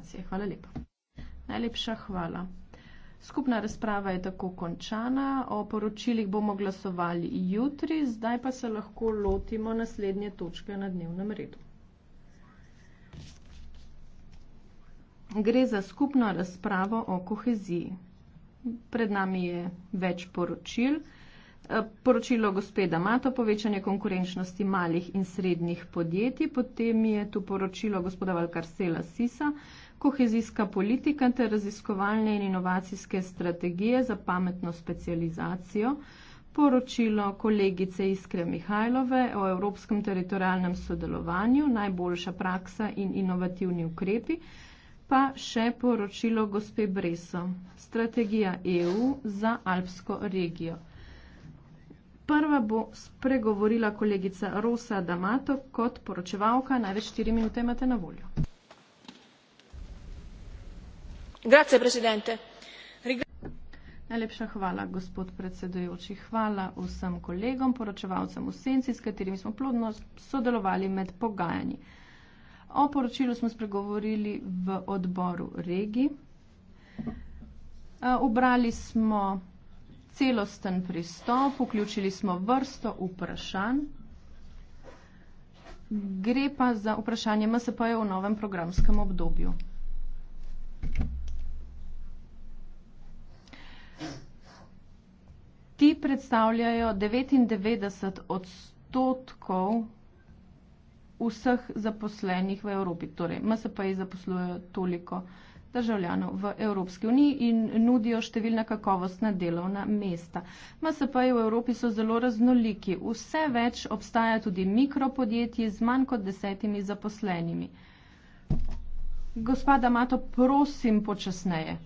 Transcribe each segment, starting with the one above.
organizacije. Hvala lepa. Najlepša hvala. Skupna razprava je tako končana. O poročilih bomo glasovali jutri, zdaj pa se lahko lotimo naslednje točke na dnevnem redu. Gre za skupno razpravo o koheziji. Pred nami je več poročil. Poročilo gospeda Mato, povečanje konkurenčnosti malih in srednjih podjetij. Potem je tu poročilo gospoda Valkarsela Sisa, kohezijska politika ter raziskovalne in inovacijske strategije za pametno specializacijo, poročilo kolegice Iskre Mihajlove o evropskem teritorijalnem sodelovanju, najboljša praksa in inovativni ukrepi, pa še poročilo gospe Breso, strategija EU za alpsko regijo. Prva bo spregovorila kolegica Rosa Damato kot poročevalka, največ 4 minute imate na voljo. Grazie, presidente. Najlepša hvala, gospod predsedujoči. Hvala vsem kolegom, poročevalcem v senci, s katerimi smo plodno sodelovali med pogajanji. O poročilu smo spregovorili v odboru regi. Eh, ubrali smo celosten pristop, vključili smo vrsto vprašanj. Gre pa za vprašanje MSP-ja v novem programskem obdobju. ti predstavljajo 99 odstotkov vseh zaposlenih v Evropi. Torej, MSP-ji zaposlujejo toliko državljanov v Evropski uniji in nudijo številna kakovostna delovna mesta. MSP-ji v Evropi so zelo raznoliki. Vse več obstaja tudi mikropodjetji z manj kot desetimi zaposlenimi. Gospoda Mato, prosim počasneje.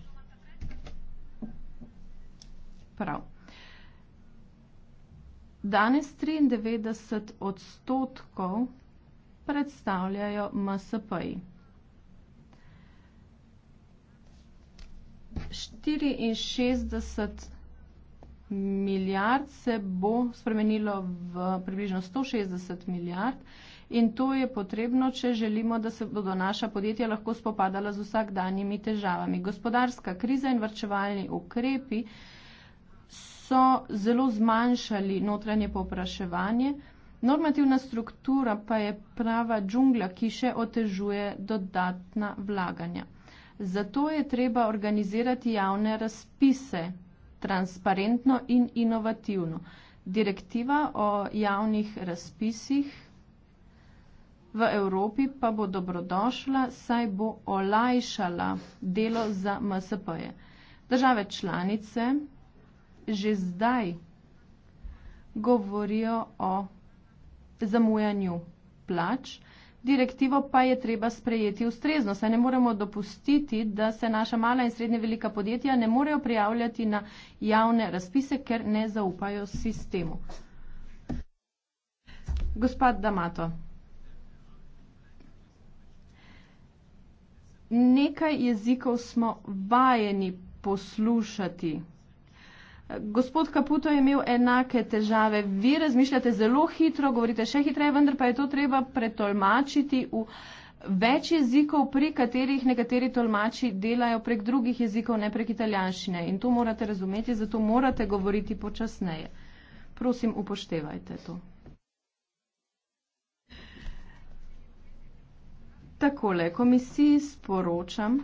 Prav. Danes 93 odstotkov predstavljajo MSP-ji. 64 milijard se bo spremenilo v približno 160 milijard in to je potrebno, če želimo, da se bodo naša podjetja lahko spopadala z vsakdanjimi težavami. Gospodarska kriza in vrčevalni ukrepi so zelo zmanjšali notranje popraševanje, normativna struktura pa je prava džungla, ki še otežuje dodatna vlaganja. Zato je treba organizirati javne razpise transparentno in inovativno. Direktiva o javnih razpisih v Evropi pa bo dobrodošla, saj bo olajšala delo za MSP-je. Države članice že zdaj govorijo o zamujanju plač. Direktivo pa je treba sprejeti ustrezno, saj ne moremo dopustiti, da se naša mala in srednje velika podjetja ne morejo prijavljati na javne razpise, ker ne zaupajo sistemu. Gospod Damato, nekaj jezikov smo vajeni poslušati. Gospod Kaputo je imel enake težave. Vi razmišljate zelo hitro, govorite še hitreje, vendar pa je to treba pretolmačiti v več jezikov, pri katerih nekateri tolmači delajo prek drugih jezikov, ne prek italijanščine. In to morate razumeti, zato morate govoriti počasneje. Prosim, upoštevajte to. Takole, komisiji sporočam,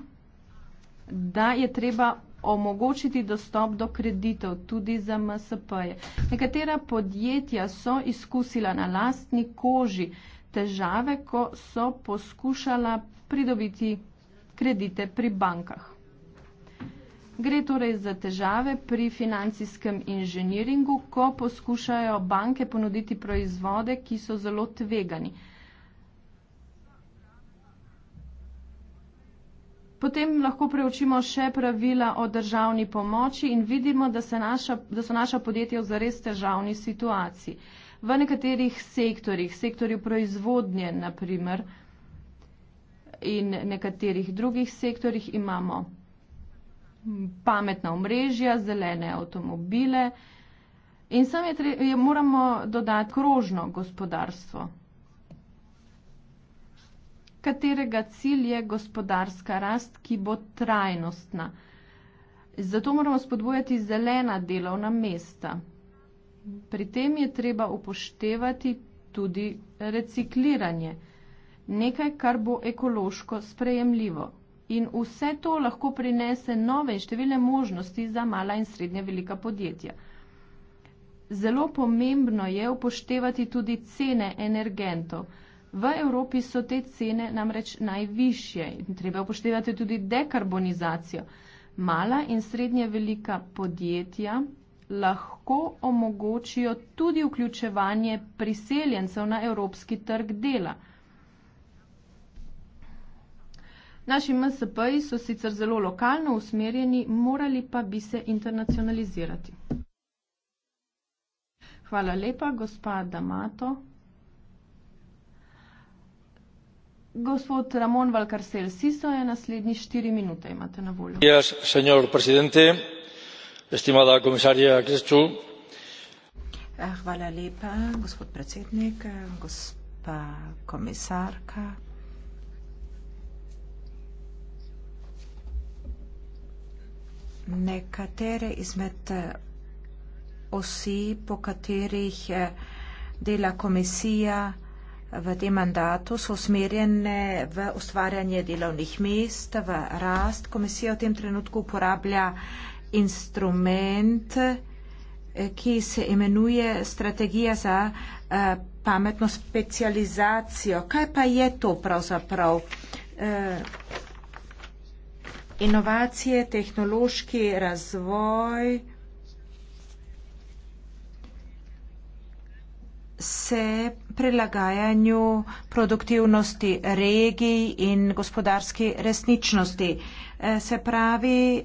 da je treba omogočiti dostop do kreditov tudi za MSP-je. Nekatera podjetja so izkusila na lastni koži težave, ko so poskušala pridobiti kredite pri bankah. Gre torej za težave pri financijskem inženiringu, ko poskušajo banke ponuditi proizvode, ki so zelo tvegani. Potem lahko preučimo še pravila o državni pomoči in vidimo, da, naša, da so naša podjetja v zares težavni situaciji. V nekaterih sektorjih, sektorju proizvodnje naprimer in nekaterih drugih sektorjih imamo pametna omrežja, zelene avtomobile in sem je, je moramo dodati krožno gospodarstvo katerega cilj je gospodarska rast, ki bo trajnostna. Zato moramo spodbojati zelena delovna mesta. Pri tem je treba upoštevati tudi recikliranje, nekaj, kar bo ekološko sprejemljivo. In vse to lahko prinese nove in številne možnosti za mala in srednja velika podjetja. Zelo pomembno je upoštevati tudi cene energentov. V Evropi so te cene namreč najvišje. Treba upoštevati tudi dekarbonizacijo. Mala in srednje velika podjetja lahko omogočijo tudi vključevanje priseljencev na evropski trg dela. Naši MSP-ji so sicer zelo lokalno usmerjeni, morali pa bi se internacionalizirati. Hvala lepa, gospa Damato. Gospod Ramon Valkarsel Siso je naslednji štiri minute imate na voljo. Yes, señor presidente, estimada komisarja Kristu. Eh, hvala lepa, gospod predsednik, eh, gospa komisarka. Nekatere izmed eh, osi, po katerih dela komisija, v tem mandatu so usmerjene v ustvarjanje delovnih mest, v rast. Komisija v tem trenutku uporablja instrument, eh, ki se imenuje strategija za eh, pametno specializacijo. Kaj pa je to pravzaprav? Eh, inovacije, tehnološki razvoj. se prilagajanju produktivnosti regij in gospodarski resničnosti. E, se pravi e,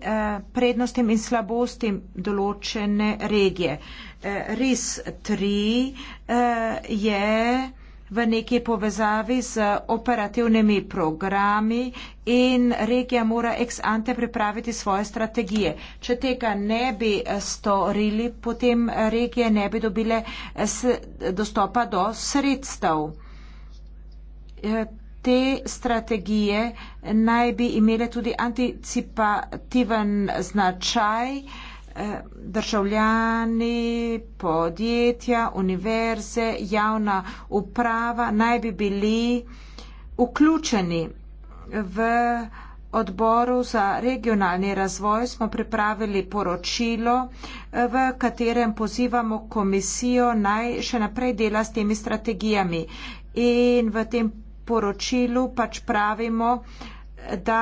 prednostim in slabostim določene regije. E, RIS 3 je v neki povezavi z operativnimi programi in regija mora ex ante pripraviti svoje strategije. Če tega ne bi eh, storili, potem eh, regije ne bi dobile eh, dostopa do sredstev. Te strategije naj bi imele tudi anticipativen značaj, državljani, podjetja, univerze, javna uprava naj bi bili vključeni v odboru za regionalni razvoj. Smo pripravili poročilo, v katerem pozivamo komisijo naj še naprej dela s temi strategijami. In v tem poročilu pač pravimo, da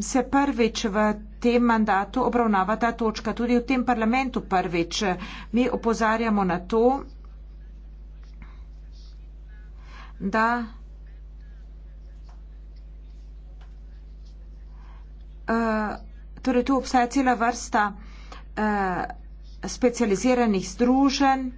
se prvič v tem mandatu obravnava ta točka, tudi v tem parlamentu prvič. Mi opozarjamo na to, da uh, torej tu obstaja cela vrsta uh, specializiranih združenj,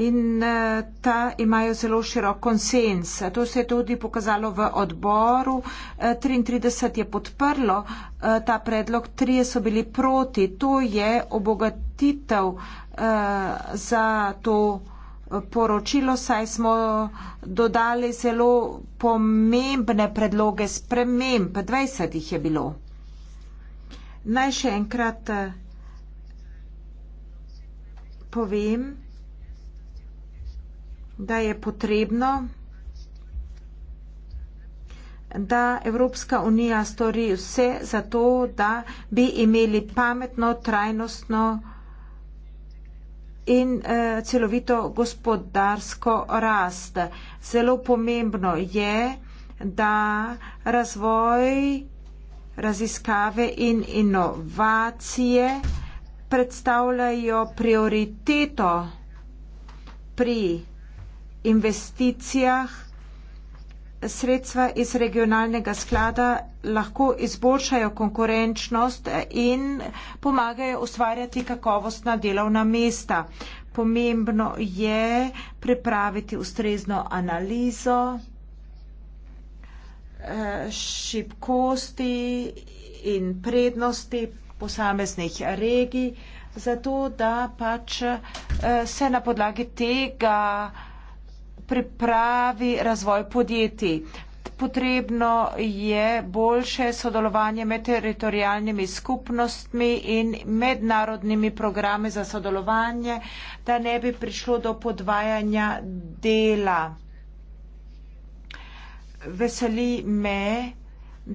In eh, ta imajo zelo širok konsens. To se je tudi pokazalo v odboru. 33 eh, je podprlo eh, ta predlog, 3 so bili proti. To je obogatitev za to poročilo, saj smo dodali zelo pomembne predloge sprememb. 20 jih je bilo. Naj še enkrat povem da je potrebno, da Evropska unija stori vse za to, da bi imeli pametno, trajnostno in eh, celovito gospodarsko rast. Zelo pomembno je, da razvoj, raziskave in inovacije predstavljajo prioriteto pri investicijah sredstva iz regionalnega sklada lahko izboljšajo konkurenčnost in pomagajo ustvarjati kakovostna delovna mesta. Pomembno je pripraviti ustrezno analizo eh, šibkosti in prednosti posameznih regij, zato da pač eh, se na podlagi tega pripravi razvoj podjetij. Potrebno je boljše sodelovanje med teritorijalnimi skupnostmi in mednarodnimi programi za sodelovanje, da ne bi prišlo do podvajanja dela. Veseli me,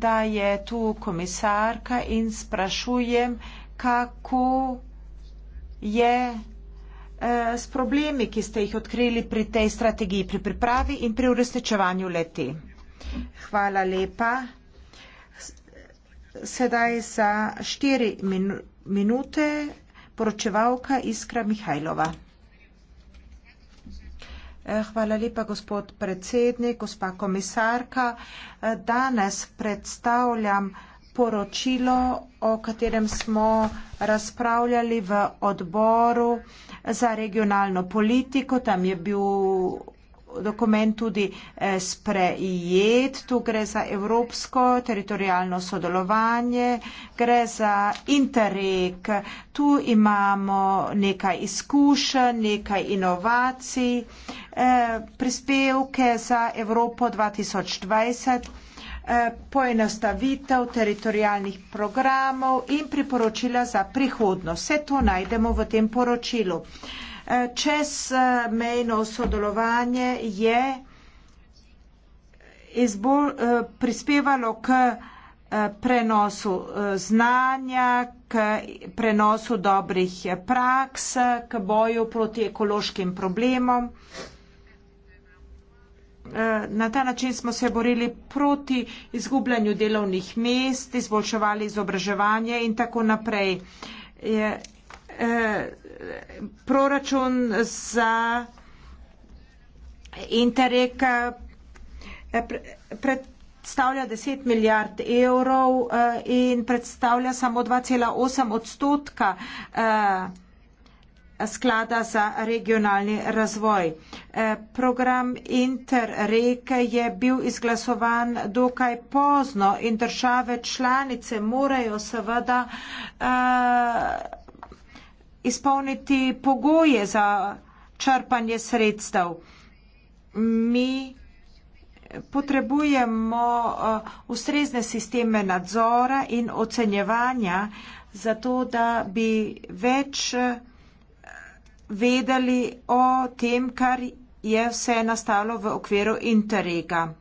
da je tu komisarka in sprašujem, kako je Eh, s problemi, ki ste jih odkrili pri tej strategiji, pri pripravi in pri uresničevanju leti. Hvala lepa. Sedaj za štiri minute poročevalka Iskra Mihajlova. Eh, hvala lepa, gospod predsednik, gospa komisarka. Eh, danes predstavljam poročilo, o katerem smo razpravljali v odboru za regionalno politiko. Tam je bil dokument tudi eh, sprejet. Tu gre za evropsko teritorijalno sodelovanje, gre za interreg. Tu imamo nekaj izkušenj, nekaj inovacij, eh, prispevke za Evropo 2020. Eh, poenostavitev teritorijalnih programov in priporočila za prihodnost. Vse to najdemo v tem poročilu. Eh, čez eh, mejno sodelovanje je izbol, prispevalo k prenosu znanja, k prenosu dobrih praks, k boju proti ekološkim problemom. Eh, na ta način smo se borili proti izgubljanju delovnih mest, izboljševali izobraževanje in tako naprej. Je, e, proračun za Interreg eh, predstavlja 10 milijard evrov in predstavlja samo 2,8 odstotka. E, sklada za regionalni razvoj. E, program Interreg je bil izglasovan dokaj pozno in države članice morajo seveda e, izpolniti pogoje za črpanje sredstev. Mi potrebujemo e, ustrezne sisteme nadzora in ocenjevanja, zato da bi več vedeli o tem, kar je vse nastalo v okviru interrega.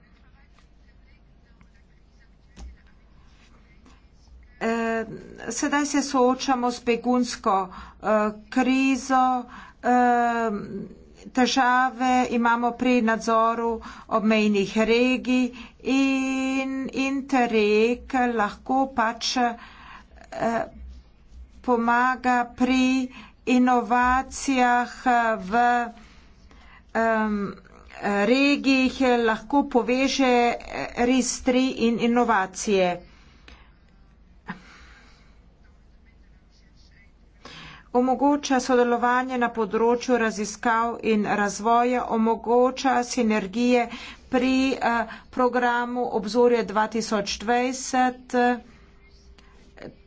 E, sedaj se soočamo s begunsko e, krizo, e, težave imamo pri nadzoru obmejnih regij in interreg lahko pač pomaga pri inovacijah v um, regijih lahko poveže RIS3 in inovacije. Omogoča sodelovanje na področju raziskav in razvoja, omogoča sinergije pri uh, programu obzorje 2020. Uh,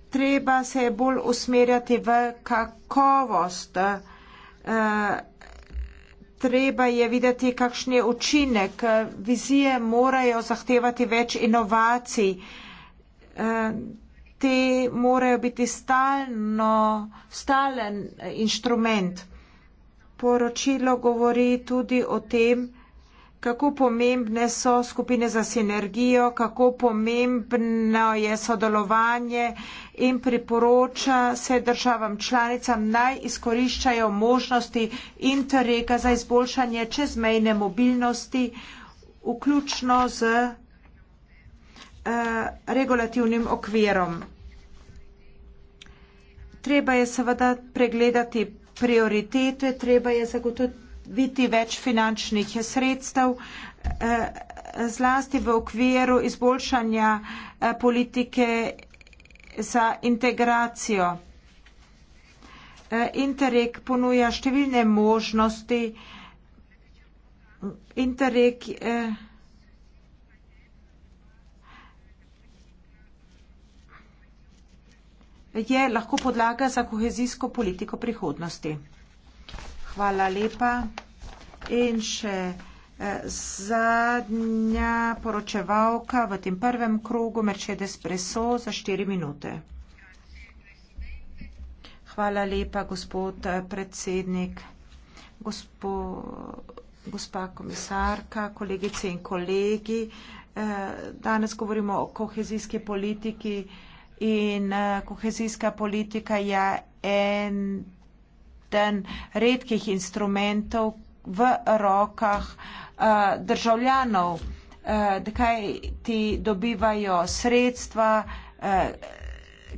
treba se je bolj usmerjati v kakovost. Eh, treba je videti, kakšen je učinek. Vizije morajo zahtevati več inovacij. Eh, te morajo biti stalno, stalen inštrument. Poročilo govori tudi o tem, kako pomembne so skupine za sinergijo, kako pomembno je sodelovanje, in priporoča se državam članicam naj izkoriščajo možnosti interreka za izboljšanje čezmejne mobilnosti, vključno z uh, regulativnim okvirom. Treba je seveda pregledati prioritete, treba je zagotoviti več finančnih sredstev, eh, zlasti v okviru izboljšanja eh, politike za integracijo. E, Interreg ponuja številne možnosti. Interreg e, je lahko podlaga za kohezijsko politiko prihodnosti. Hvala lepa. In še. Zadnja poročevalka v tem prvem krogu, Mercedes Preso, za štiri minute. Hvala lepa, gospod predsednik, gospo, gospa komisarka, kolegice in kolegi. Eh, danes govorimo o kohezijski politiki in eh, kohezijska politika je eden redkih instrumentov v rokah Eh, državljanov, da eh, kaj ti dobivajo sredstva, eh,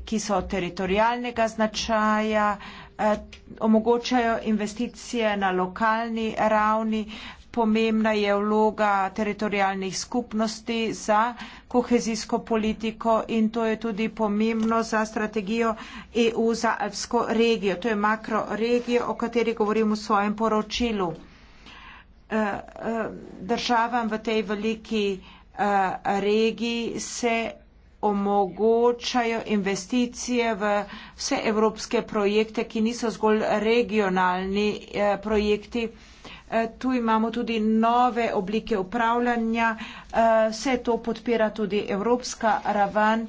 ki so teritorijalnega značaja, omogočajo investicije na lokalni ravni, pomembna je vloga teritorijalnih skupnosti za kohezijsko politiko in to je tudi pomembno za strategijo EU za alpsko regijo. To je makroregijo, o kateri govorim v svojem poročilu. Eh, eh, državam v tej veliki eh, regiji se omogočajo investicije v vse evropske projekte, ki niso zgolj regionalni projekti. Tu imamo tudi nove oblike upravljanja, vse to podpira tudi evropska raven,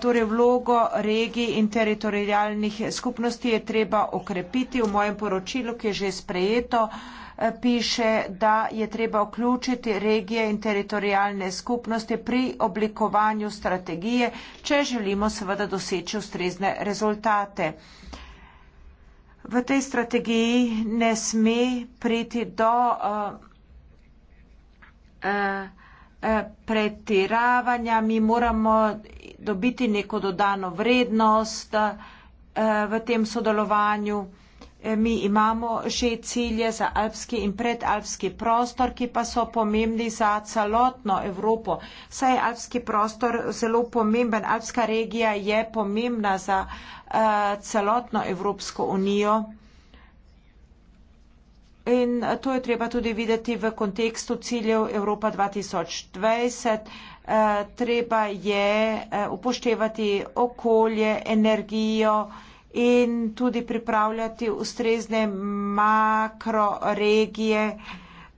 torej vlogo regij in teritorijalnih skupnosti je treba okrepiti v mojem poročilu, ki je že sprejeto piše, da je treba vključiti regije in teritorijalne skupnosti pri oblikovanju strategije, če želimo seveda doseči ustrezne rezultate. V tej strategiji ne sme priti do uh, uh, pretiravanja, mi moramo dobiti neko dodano vrednost uh, v tem sodelovanju. Uh, E, mi imamo že cilje za alpski in predalpski prostor, ki pa so pomembni za celotno Evropo. Saj je alpski prostor zelo pomemben, alpska regija je pomembna za uh, celotno Evropsko unijo. In to je treba tudi videti v kontekstu ciljev Evropa 2020. Uh, e, treba je uh, upoštevati okolje, energijo, uh, in tudi pripravljati ustrezne makroregije.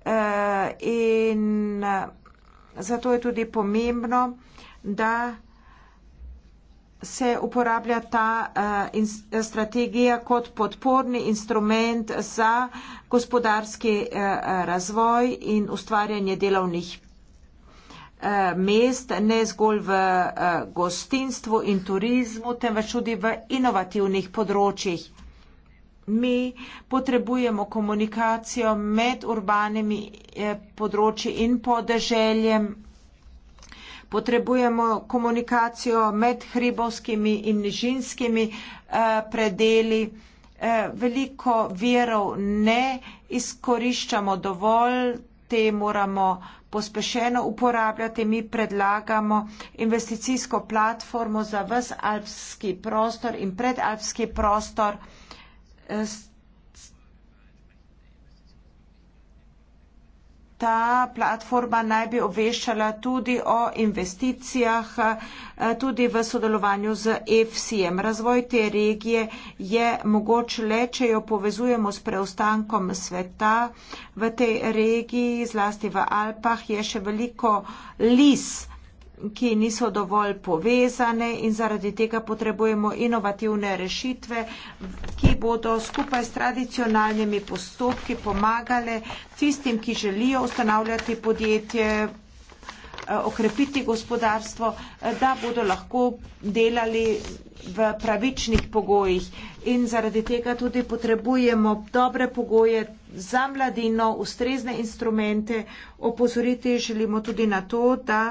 Eh, in eh, zato je tudi pomembno, da se uporablja ta eh, strategija kot podporni instrument za gospodarski razvoj in ustvarjanje delovnih Eh, mest, ne zgolj v eh, gostinstvu in turizmu, temveč tudi v inovativnih področjih. Mi potrebujemo komunikacijo med urbanimi eh, področji in podeželjem, potrebujemo komunikacijo med hribovskimi in nižinskimi predeli. Veliko virov ne izkoriščamo dovolj, te moramo pospešeno uporabljati. Mi predlagamo investicijsko platformo za vse alpski prostor in predalpski prostor. Eh, ta platforma naj bi obveščala tudi o investicijah, eh, tudi v sodelovanju z EFSI-jem. Razvoj te regije je mogoč le, če jo povezujemo s preostankom sveta v tej regiji, zlasti v Alpah je še veliko lis ki niso dovolj povezane in zaradi tega potrebujemo inovativne rešitve, ki bodo skupaj s tradicionalnimi postopki pomagale tistim, ki želijo ustanavljati podjetje, eh, okrepiti gospodarstvo, eh, da bodo lahko delali v pravičnih pogojih. In zaradi tega tudi potrebujemo dobre pogoje za mladino, ustrezne instrumente. Opozoriti želimo tudi na to, da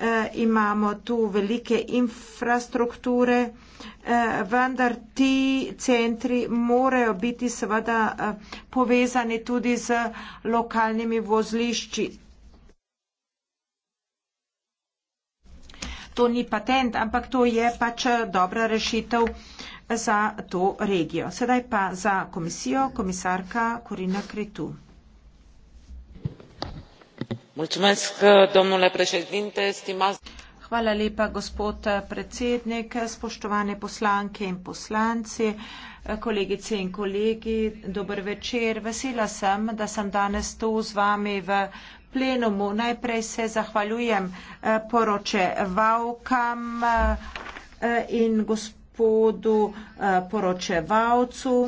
Eh, imamo tu velike infrastrukture, eh, vendar ti centri morajo biti seveda eh, povezani tudi z lokalnimi vozlišči. To ni patent, ampak to je pač dobra rešitev za to regijo. Sedaj pa za komisijo komisarka Korina Kretu hvala lepa gospod predsednik spoštovane poslanke in poslanci kolegice in kolegi dober večer vesela sem da sem danes tu z vami v plenumu najprej se zahvaljujem eh, poročevalkam eh, in gospodu eh, poročevalcu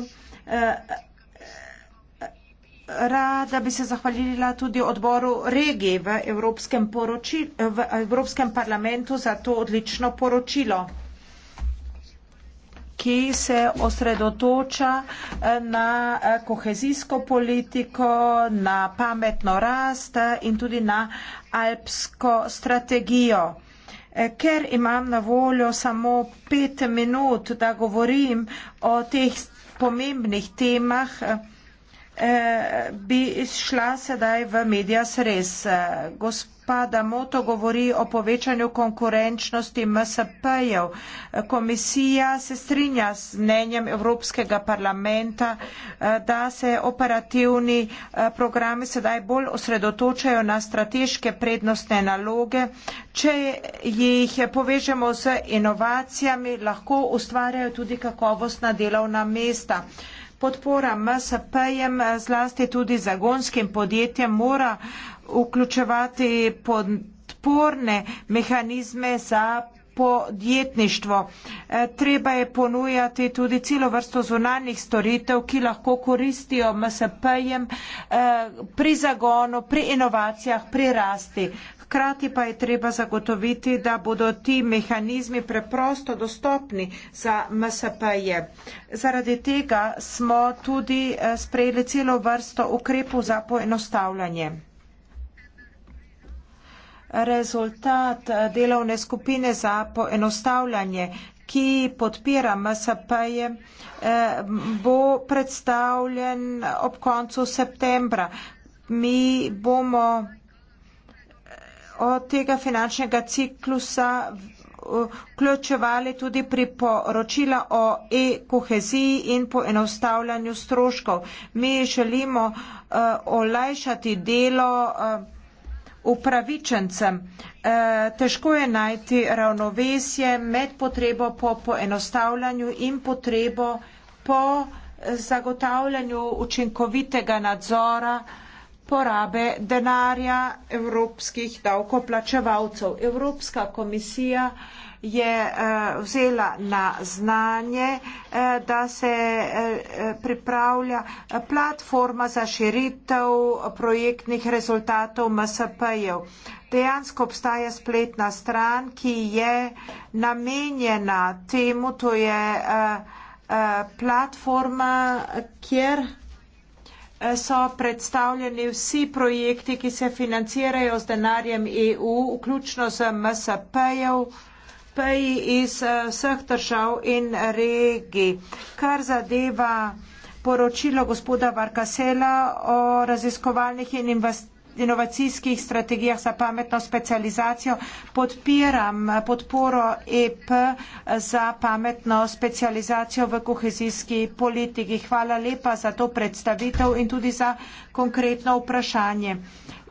rada bi se zahvalila tudi odboru regije v, v Evropskem parlamentu za to odlično poročilo, ki se osredotoča eh, na eh, kohezijsko politiko, na pametno rast eh, in tudi na alpsko strategijo. Ker imam na voljo samo pet minut, da govorim o teh pomembnih temah, bi izšla sedaj v medijas res. Gospa Damoto govori o povečanju konkurenčnosti MSP-jev. Komisija se strinja s mnenjem Evropskega parlamenta, da se operativni eh, programi sedaj bolj osredotočajo na strateške prednostne naloge. Če jih povežemo z inovacijami, lahko ustvarjajo tudi kakovostna delovna mesta podpora MSP-jem, zlasti tudi zagonskim podjetjem, mora vključevati podporne mehanizme za podjetništvo. E, treba je ponujati tudi celo vrsto zunanjih storitev, ki lahko koristijo MSP-jem e, pri zagonu, pri inovacijah, pri rasti. Hkrati pa je treba zagotoviti, da bodo ti mehanizmi preprosto dostopni za MSP-je. Zaradi tega smo tudi eh, sprejeli celo vrsto ukrepov za poenostavljanje. Rezultat eh, delovne skupine za poenostavljanje, ki podpira MSP-je, eh, bo predstavljen ob koncu septembra. Mi bomo od tega finančnega ciklusa vključevali tudi priporočila o e-koheziji in poenostavljanju stroškov. Mi želimo uh, olajšati delo uh, upravičencem. Uh, težko je najti ravnovesje med potrebo po poenostavljanju in potrebo po zagotavljanju učinkovitega nadzora uh, porabe denarja evropskih davkoplačevalcev. Evropska komisija je eh, vzela na znanje, eh, da se eh, pripravlja platforma za širitev projektnih rezultatov MSP-jev. Dejansko obstaja spletna stran, ki je namenjena temu, to je platforma, kjer so predstavljeni vsi projekti, ki se financirajo z denarjem EU, vključno z MSP-jev, PEJ iz eh, vseh držav in regij. Kar zadeva poročilo gospoda Varkasela o raziskovalnih in investicijah, inovacijskih strategijah za pametno specializacijo podpiram podporo EP za pametno specializacijo v kohezijski politiki. Hvala lepa za to predstavitev in tudi za konkretno vprašanje.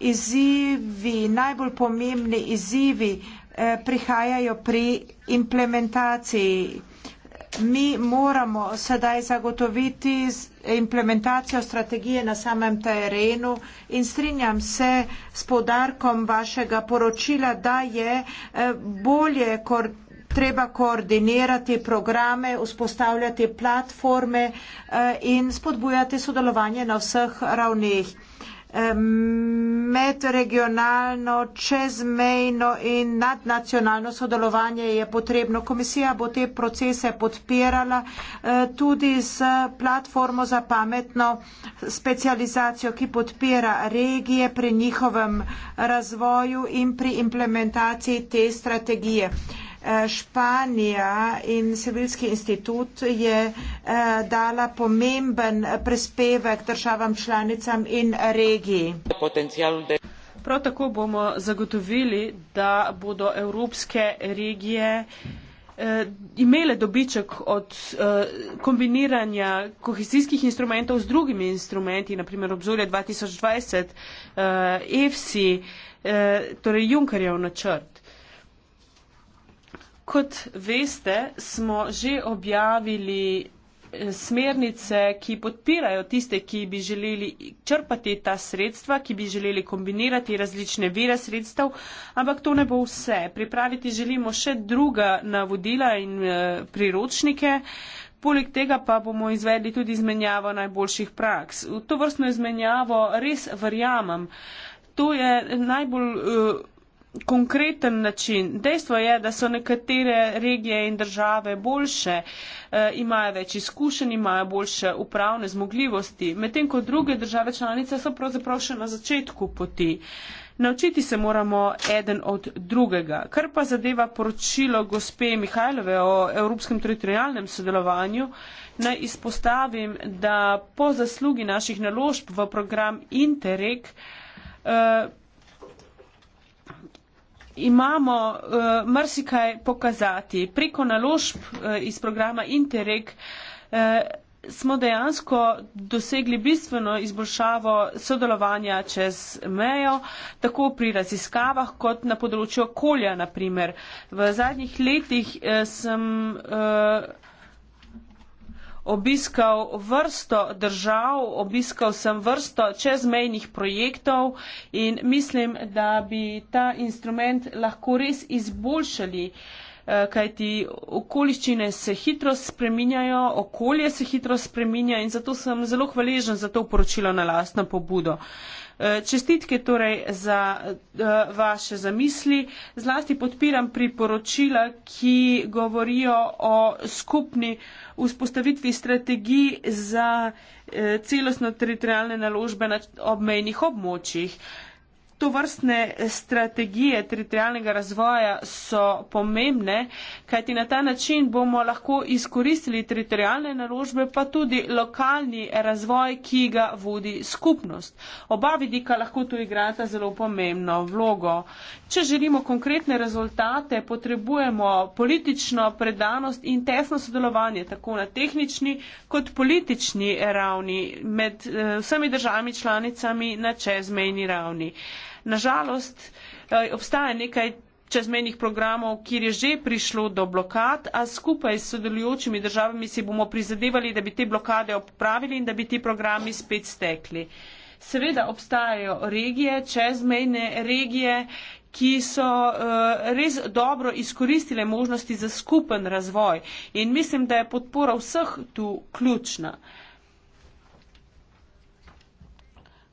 Izzivi, najbolj pomembni izzivi eh, prihajajo pri implementaciji mi moramo sedaj zagotoviti implementacijo strategije na samem terenu in strinjam se s podarkom vašega poročila, da je eh, bolje kor treba koordinirati programe, vzpostavljati platforme eh, in spodbujati sodelovanje na vseh ravneh medregionalno, čezmejno in nadnacionalno sodelovanje je potrebno. Komisija bo te procese podpirala eh, tudi z platformo za pametno specializacijo, ki podpira regije pri njihovem razvoju in pri implementaciji te strategije. Španija in Sevilski institut je eh, dala pomemben prispevek državam članicam in regiji. Prav tako bomo zagotovili, da bodo evropske regije eh, imele dobiček od eh, kombiniranja kohezijskih instrumentov z drugimi instrumenti, naprimer obzorje 2020, EFSI, e torej Junkerjev načrt kot veste, smo že objavili eh, smernice, ki podpirajo tiste, ki bi želeli črpati ta sredstva, ki bi želeli kombinirati različne vire sredstev, ampak to ne bo vse. Pripraviti želimo še druga navodila in e, priročnike. Poleg tega pa bomo izvedli tudi izmenjavo najboljših praks. V to vrstno izmenjavo res verjamem. To je najbolj. E, konkreten način. Dejstvo je, da so nekatere regije in države boljše, eh, imajo več izkušenj, imajo boljše upravne zmogljivosti, medtem ko druge države članice so pravzaprav še na začetku poti. Naučiti se moramo eden od drugega. Kar pa zadeva poročilo gospe Mihajlove o evropskem teritorijalnem sodelovanju, naj izpostavim, da po zaslugi naših naložb v program Interreg eh, imamo uh, eh, mrsikaj pokazati. Preko naložb uh, iz programa Interreg uh, smo dejansko dosegli bistveno izboljšavo sodelovanja čez mejo, tako pri raziskavah kot na področju okolja. Naprimer. V zadnjih letih uh, sem. Uh, obiskal vrsto držav, obiskal sem vrsto čezmejnih projektov in mislim, da bi ta instrument lahko res izboljšali, eh, kajti okoliščine se hitro spreminjajo, okolje se hitro spreminja in zato sem zelo hvaležen za to poročilo na lastno pobudo. Čestitke torej za eh, vaše zamisli. Zlasti podpiram priporočila, ki govorijo o skupni vzpostavitvi strategij za eh, celostno teritorijalne naložbe na obmejnih območjih. To vrstne strategije teritorijalnega razvoja so pomembne, kajti na ta način bomo lahko izkoristili teritorijalne naložbe, pa tudi lokalni razvoj, ki ga vodi skupnost. Oba vidika lahko tu igrata zelo pomembno vlogo. Če želimo konkretne rezultate, potrebujemo politično predanost in tesno sodelovanje tako na tehnični kot politični ravni med eh, vsemi državami članicami na čezmejni ravni. Na žalost eh, obstaja nekaj čezmejnih programov, kjer je že prišlo do blokad, a skupaj s sodelujočimi državami si bomo prizadevali, da bi te blokade opravili in da bi ti programi spet stekli. Seveda obstajajo regije, čezmejne regije, ki so uh, res dobro izkoristile možnosti za skupen razvoj in mislim, da je podpora vseh tu ključna.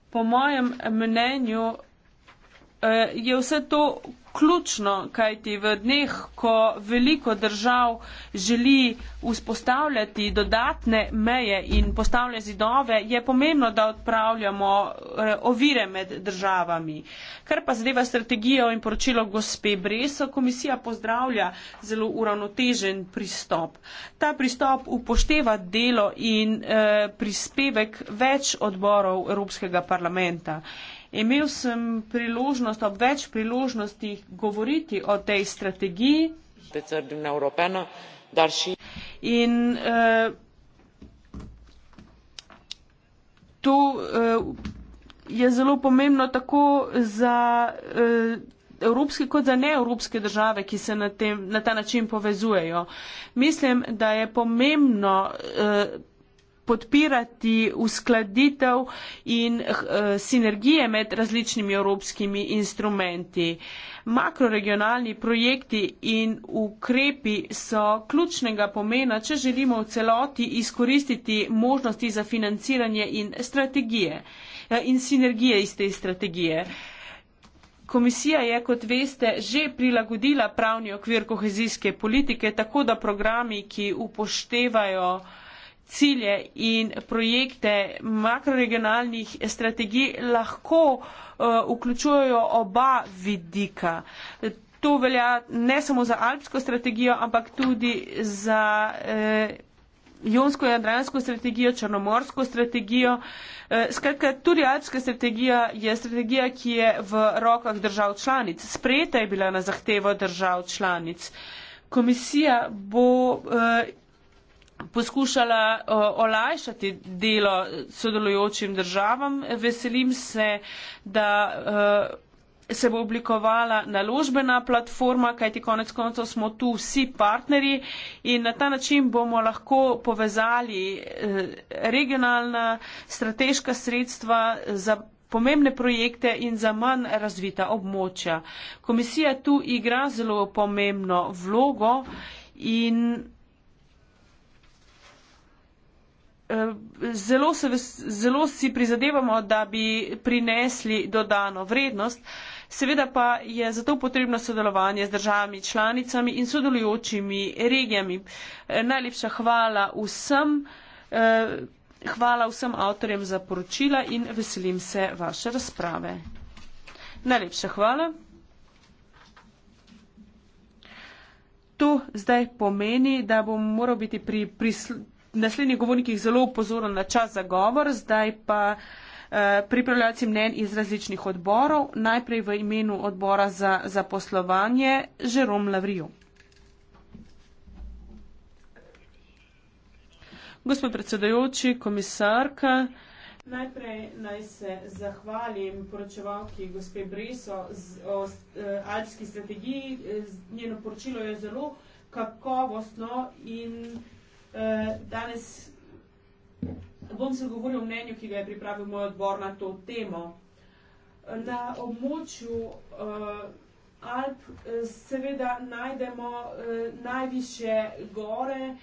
Po mojem mnenju Eh, je vse to ključno, kajti v dneh, ko veliko držav želi vzpostavljati dodatne meje in postavlja zidove, je pomembno, da odpravljamo eh, ovire med državami. Kar pa zadeva strategijo in poročilo gospe Breso, komisija pozdravlja zelo uravnotežen pristop. Ta pristop upošteva delo in eh, prispevek več odborov Evropskega parlamenta. Imel sem priložnost ob več priložnostih govoriti o tej strategiji. In uh, to uh, je zelo pomembno tako za uh, eh, evropske kot za neevropske države, ki se na, tem, na ta način povezujejo. Mislim, da je pomembno. Uh, podpirati uskladitev in uh, sinergije med različnimi evropskimi instrumenti. Makroregionalni projekti in ukrepi so ključnega pomena, če želimo v celoti izkoristiti možnosti za financiranje in strategije eh, in sinergije iz te strategije. Komisija je, kot veste, že prilagodila pravni okvir kohezijske politike, tako da programi, ki upoštevajo uh, cilje in projekte makroregionalnih strategij lahko eh, vključujejo oba vidika. To velja ne samo za alpsko strategijo, ampak tudi za eh, jonsko-jadransko strategijo, črnomorsko strategijo. Eh, skratka, tudi alpska strategija je strategija, ki je v rokah držav članic. Sprejeta je bila na zahtevo držav članic. Komisija bo eh, poskušala uh, olajšati delo sodelujočim državam. Veselim se, da. Uh, se bo oblikovala naložbena platforma, kajti konec koncev smo tu vsi partnerji in na ta način bomo lahko povezali e, regionalna strateška sredstva za pomembne projekte in za manj razvita območja. Komisija tu igra zelo pomembno vlogo in Eh, zelo, se, zelo si prizadevamo, da bi prinesli dodano vrednost. Seveda pa je zato potrebno sodelovanje z državami, članicami in sodelujočimi regijami. Eh, najlepša hvala vsem, eh, hvala vsem avtorjem za poročila in veselim se vaše razprave. Najlepša hvala. To zdaj pomeni, da bom moral biti pri prislušanju naslednji govornik jih zelo upozoril na čas za govor, zdaj pa eh, pripravljalci mnen iz različnih odborov, najprej v imenu odbora za zaposlovanje Žerom Lavriju. Gospod predsedajoči, komisarka. Najprej naj se zahvalim poročevalki gospe Breso o eh, alpski strategiji. Eh, njeno poročilo je zelo kakovostno in danes bom se govoril o mnenju, ki ga je pripravil moj odbor na to temo. Na območju uh, Alp eh, seveda najdemo uh, eh, najviše gore, uh,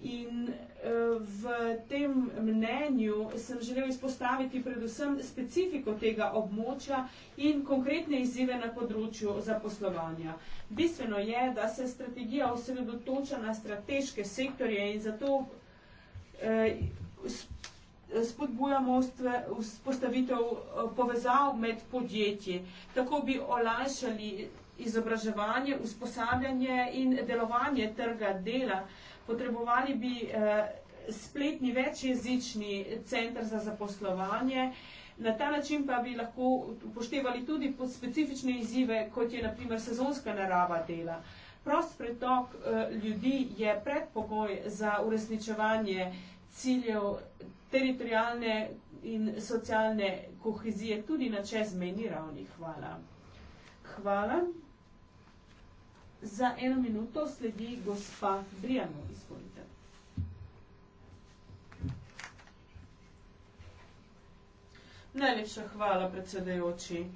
In eh, v tem mnenju sem želel izpostaviti predvsem specifiko tega območja in konkretne izzive na področju zaposlovanja. Bistveno je, da se strategija osredotoča na strateške sektorje in zato eh, spodbujamo vzpostavitev eh, povezav med podjetji. Tako bi olajšali izobraževanje, usposabljanje in delovanje trga dela potrebovali bi eh, spletni večjezični center za zaposlovanje. Na ta način pa bi lahko upoštevali tudi specifične izzive, kot je naprimer sezonska narava dela. Prost pretok eh, ljudi je predpogoj za uresničevanje ciljev teritorijalne in socialne kohezije tudi na čezmejni ravni. Hvala. Hvala. Za eno minuto sledi gospa Brijano. Izvolite. Najlepša hvala, predsedajoči.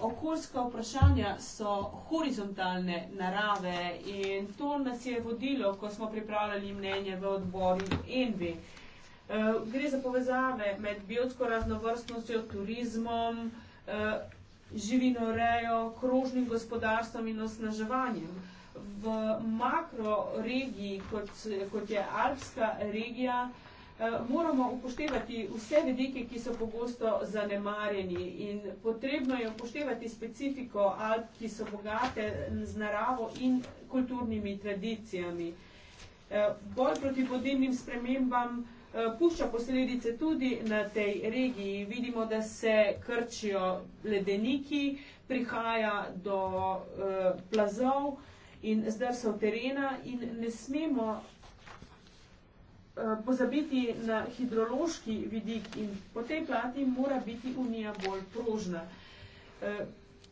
Okoljska vprašanja so horizontalne narave in to nas je vodilo, ko smo pripravljali mnenje v odboru Envi. Eh, gre za povezave med biotsko raznovrstnostjo, turizmom, eh, živinorejo, krožnim gospodarstvom in osnaževanjem. V makroregiji, kot, kot je Alpska regija, eh, moramo upoštevati vse vedike, ki so pogosto zanemarjeni in potrebno je upoštevati specifiko Alp, ki so bogate z naravo in kulturnimi tradicijami. Eh, Bolj proti podnebnim spremembam Eh, pušča posledice tudi na tej regiji. Vidimo, da se krčijo ledeniki, prihaja do eh, plazov in zdrsov terena in ne smemo eh, pozabiti na hidrološki vidik in po tej plati mora biti Unija bolj prožna.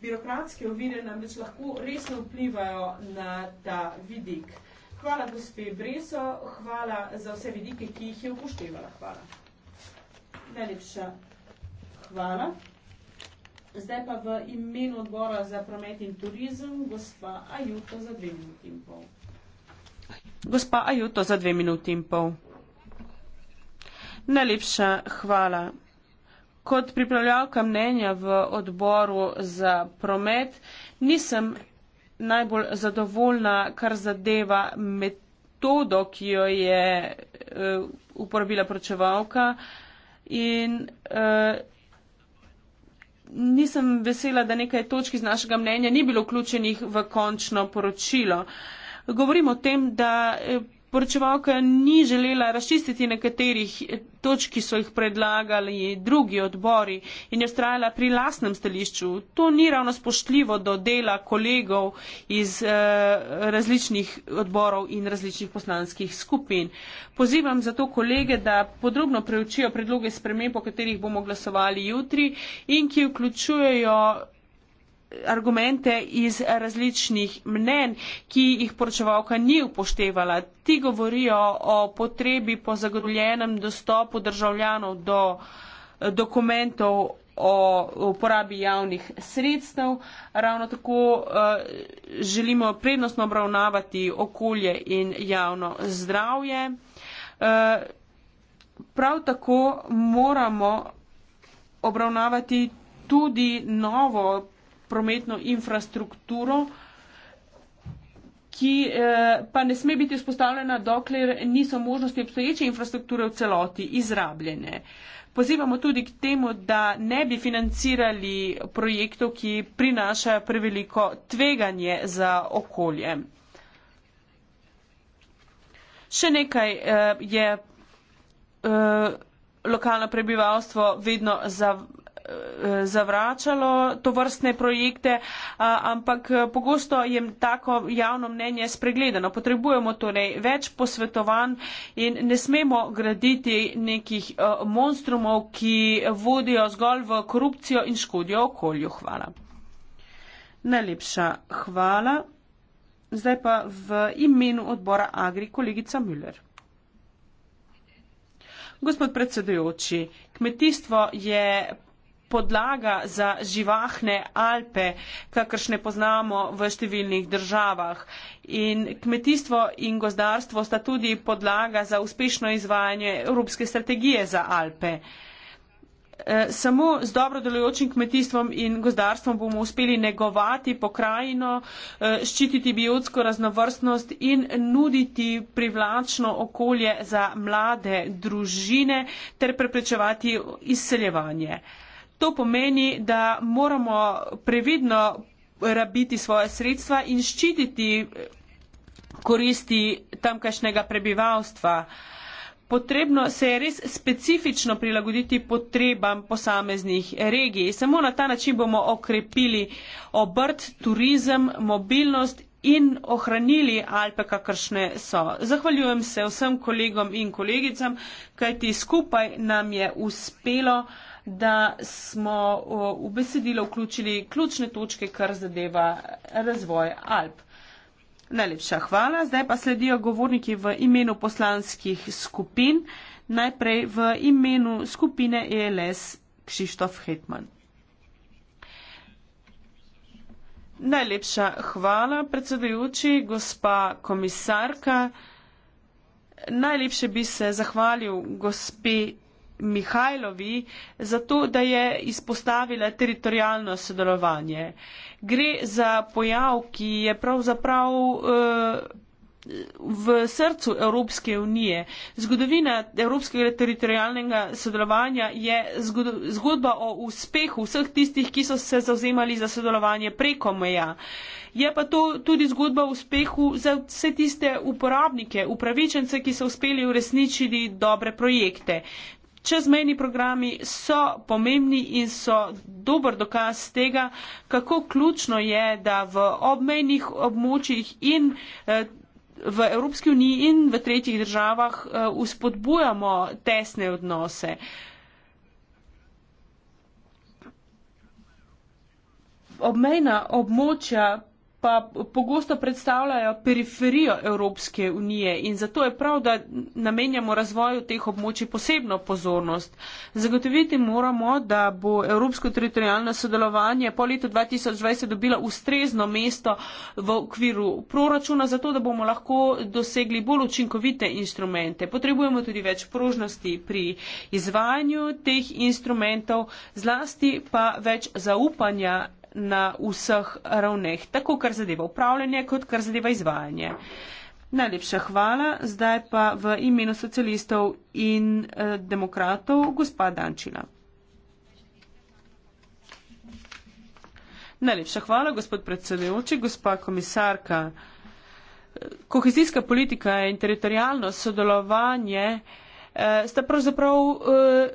Birokratske ovire namreč lahko resno vplivajo na ta vidik. Hvala, gospe Breso, hvala za vse vidike, ki jih je upoštevala. Hvala. Najlepša hvala. Zdaj pa v imenu odbora za promet in turizem, gospa Ajuto za dve minuti in pol. Gospa Ajuto za dve minuti in pol. Najlepša hvala. Kot pripravljalka mnenja v odboru za promet nisem najbolj zadovoljna, kar zadeva metodo, ki jo je uh, uporabila pročevalka. In uh, nisem vesela, da nekaj točk iz našega mnenja ni bilo vključenih v končno poročilo. Govorim o tem, da. Uh, poročevalka ni želela razčistiti nekaterih točk, ki so jih predlagali drugi odbori in je ustrajala pri lasnem stališču. To ni ravno spoštljivo do dela kolegov iz eh, različnih odborov in različnih poslanskih skupin. Pozivam zato kolege, da podrobno preučijo predloge sprememb, po katerih bomo glasovali jutri in ki vključujejo argumente iz različnih mnen, ki jih poročevalka ni upoštevala. Ti govorijo o potrebi po zagotovljenem dostopu državljanov do eh, dokumentov o uporabi javnih sredstev. Ravno tako uh, želimo prednostno obravnavati okolje in javno zdravje. Uh, prav tako moramo obravnavati tudi novo prometno infrastrukturo, ki eh, pa ne sme biti vzpostavljena, dokler niso možnosti obstoječe infrastrukture v celoti izrabljene. Pozivamo tudi k temu, da ne bi financirali projektov, ki prinašajo preveliko tveganje za okolje. Še nekaj eh, je eh, lokalno prebivalstvo vedno zavračalo to vrstne projekte, ampak pogosto je tako javno mnenje spregledano. Potrebujemo torej več posvetovanj in ne smemo graditi nekih monstrumov, ki vodijo zgolj v korupcijo in škodijo okolju. Hvala. Najlepša hvala. Zdaj pa v imenu odbora Agri kolegica Müller. Gospod predsedujoči, kmetijstvo je podlaga za živahne Alpe, kakršne poznamo v številnih državah. In kmetijstvo in gozdarstvo sta tudi podlaga za uspešno izvajanje Evropske strategije za Alpe. E, samo z dobro delujočim kmetijstvom in gozdarstvom bomo uspeli negovati pokrajino, e, ščititi biotsko raznovrstnost in nuditi privlačno okolje za mlade družine ter preprečevati izseljevanje. To pomeni, da moramo previdno rabiti svoje sredstva in ščititi koristi tamkajšnjega prebivalstva. Potrebno se je res specifično prilagoditi potrebam posameznih regij. Samo na ta način bomo okrepili obrt, turizem, mobilnost in ohranili Alpe, kakršne so. Zahvaljujem se vsem kolegom in kolegicam, kajti skupaj nam je uspelo da smo v besedilo vključili ključne točke, kar zadeva razvoj Alp. Najlepša hvala. Zdaj pa sledijo govorniki v imenu poslanskih skupin. Najprej v imenu skupine ELS Kšištof Hetman. Najlepša hvala, predsedujoči, gospa komisarka. Najlepše bi se zahvalil gospe Mihajlovi, zato da je izpostavila teritorijalno sodelovanje. Gre za pojav, ki je pravzaprav eh, v srcu Evropske unije. Zgodovina Evropskega teritorijalnega sodelovanja je zgodba o uspehu vseh tistih, ki so se zauzemali za sodelovanje preko meja. Je pa to tudi zgodba o uspehu za vse tiste uporabnike, upravičence, ki so uspeli uresničiti dobre projekte čezmejni programi so pomembni in so dober dokaz tega, kako ključno je, da v obmejnih območjih in eh, v Evropski uniji in v tretjih državah uspodbujamo eh, tesne odnose. Obmejna območja pa pogosto predstavljajo periferijo Evropske unije in zato je prav, da namenjamo razvoju teh območij posebno pozornost. Zagotoviti moramo, da bo Evropsko teritorijalno sodelovanje po letu 2020 dobila ustrezno mesto v okviru proračuna, zato da bomo lahko dosegli bolj učinkovite instrumente. Potrebujemo tudi več prožnosti pri izvajanju teh instrumentov, zlasti pa več zaupanja na vseh ravneh, tako kar zadeva upravljanje, kot kar zadeva izvajanje. Najlepša hvala, zdaj pa v imenu socialistov in eh, demokratov, gospa Dančila. Najlepša hvala, gospod predsedujoči, gospa komisarka. Kohezijska politika in teritorijalno sodelovanje eh, sta pravzaprav eh,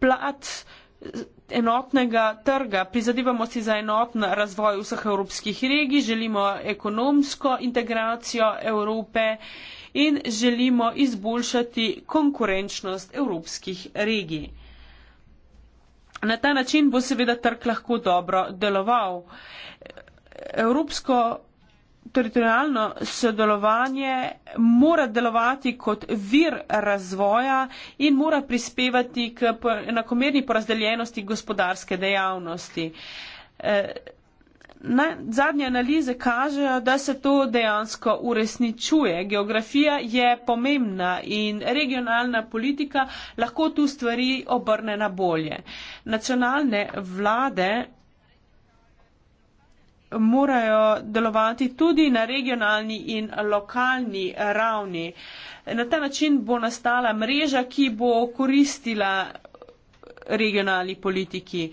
plat enotnega trga, prizadevamo si za enoten razvoj vseh evropskih regij, želimo ekonomsko integracijo Evrope in želimo izboljšati konkurenčnost evropskih regij. Na ta način bo seveda trg lahko dobro deloval. Evropsko teritorijalno sodelovanje mora delovati kot vir razvoja in mora prispevati k enakomerni porazdeljenosti gospodarske dejavnosti. Eh, zadnje analize kažejo, da se to dejansko uresničuje. Geografija je pomembna in regionalna politika lahko tu stvari obrne na bolje. Nacionalne vlade morajo delovati tudi na regionalni in lokalni ravni. Na ta način bo nastala mreža, ki bo koristila regionalni politiki.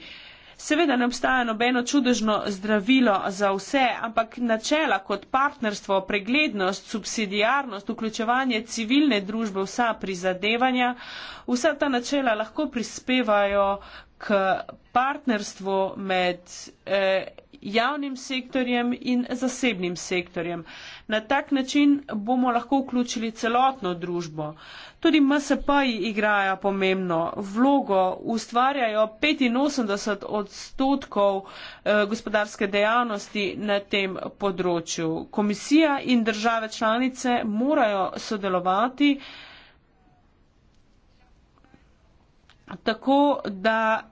Seveda ne obstaja nobeno čudežno zdravilo za vse, ampak načela kot partnerstvo, preglednost, subsidijarnost, vključevanje civilne družbe, vsa prizadevanja, vsa ta načela lahko prispevajo k partnerstvu med eh, javnim sektorjem in zasebnim sektorjem. Na tak način bomo lahko vključili celotno družbo. Tudi MSP-ji igrajo pomembno vlogo, ustvarjajo 85 odstotkov eh, gospodarske dejavnosti na tem področju. Komisija in države članice morajo sodelovati tako, da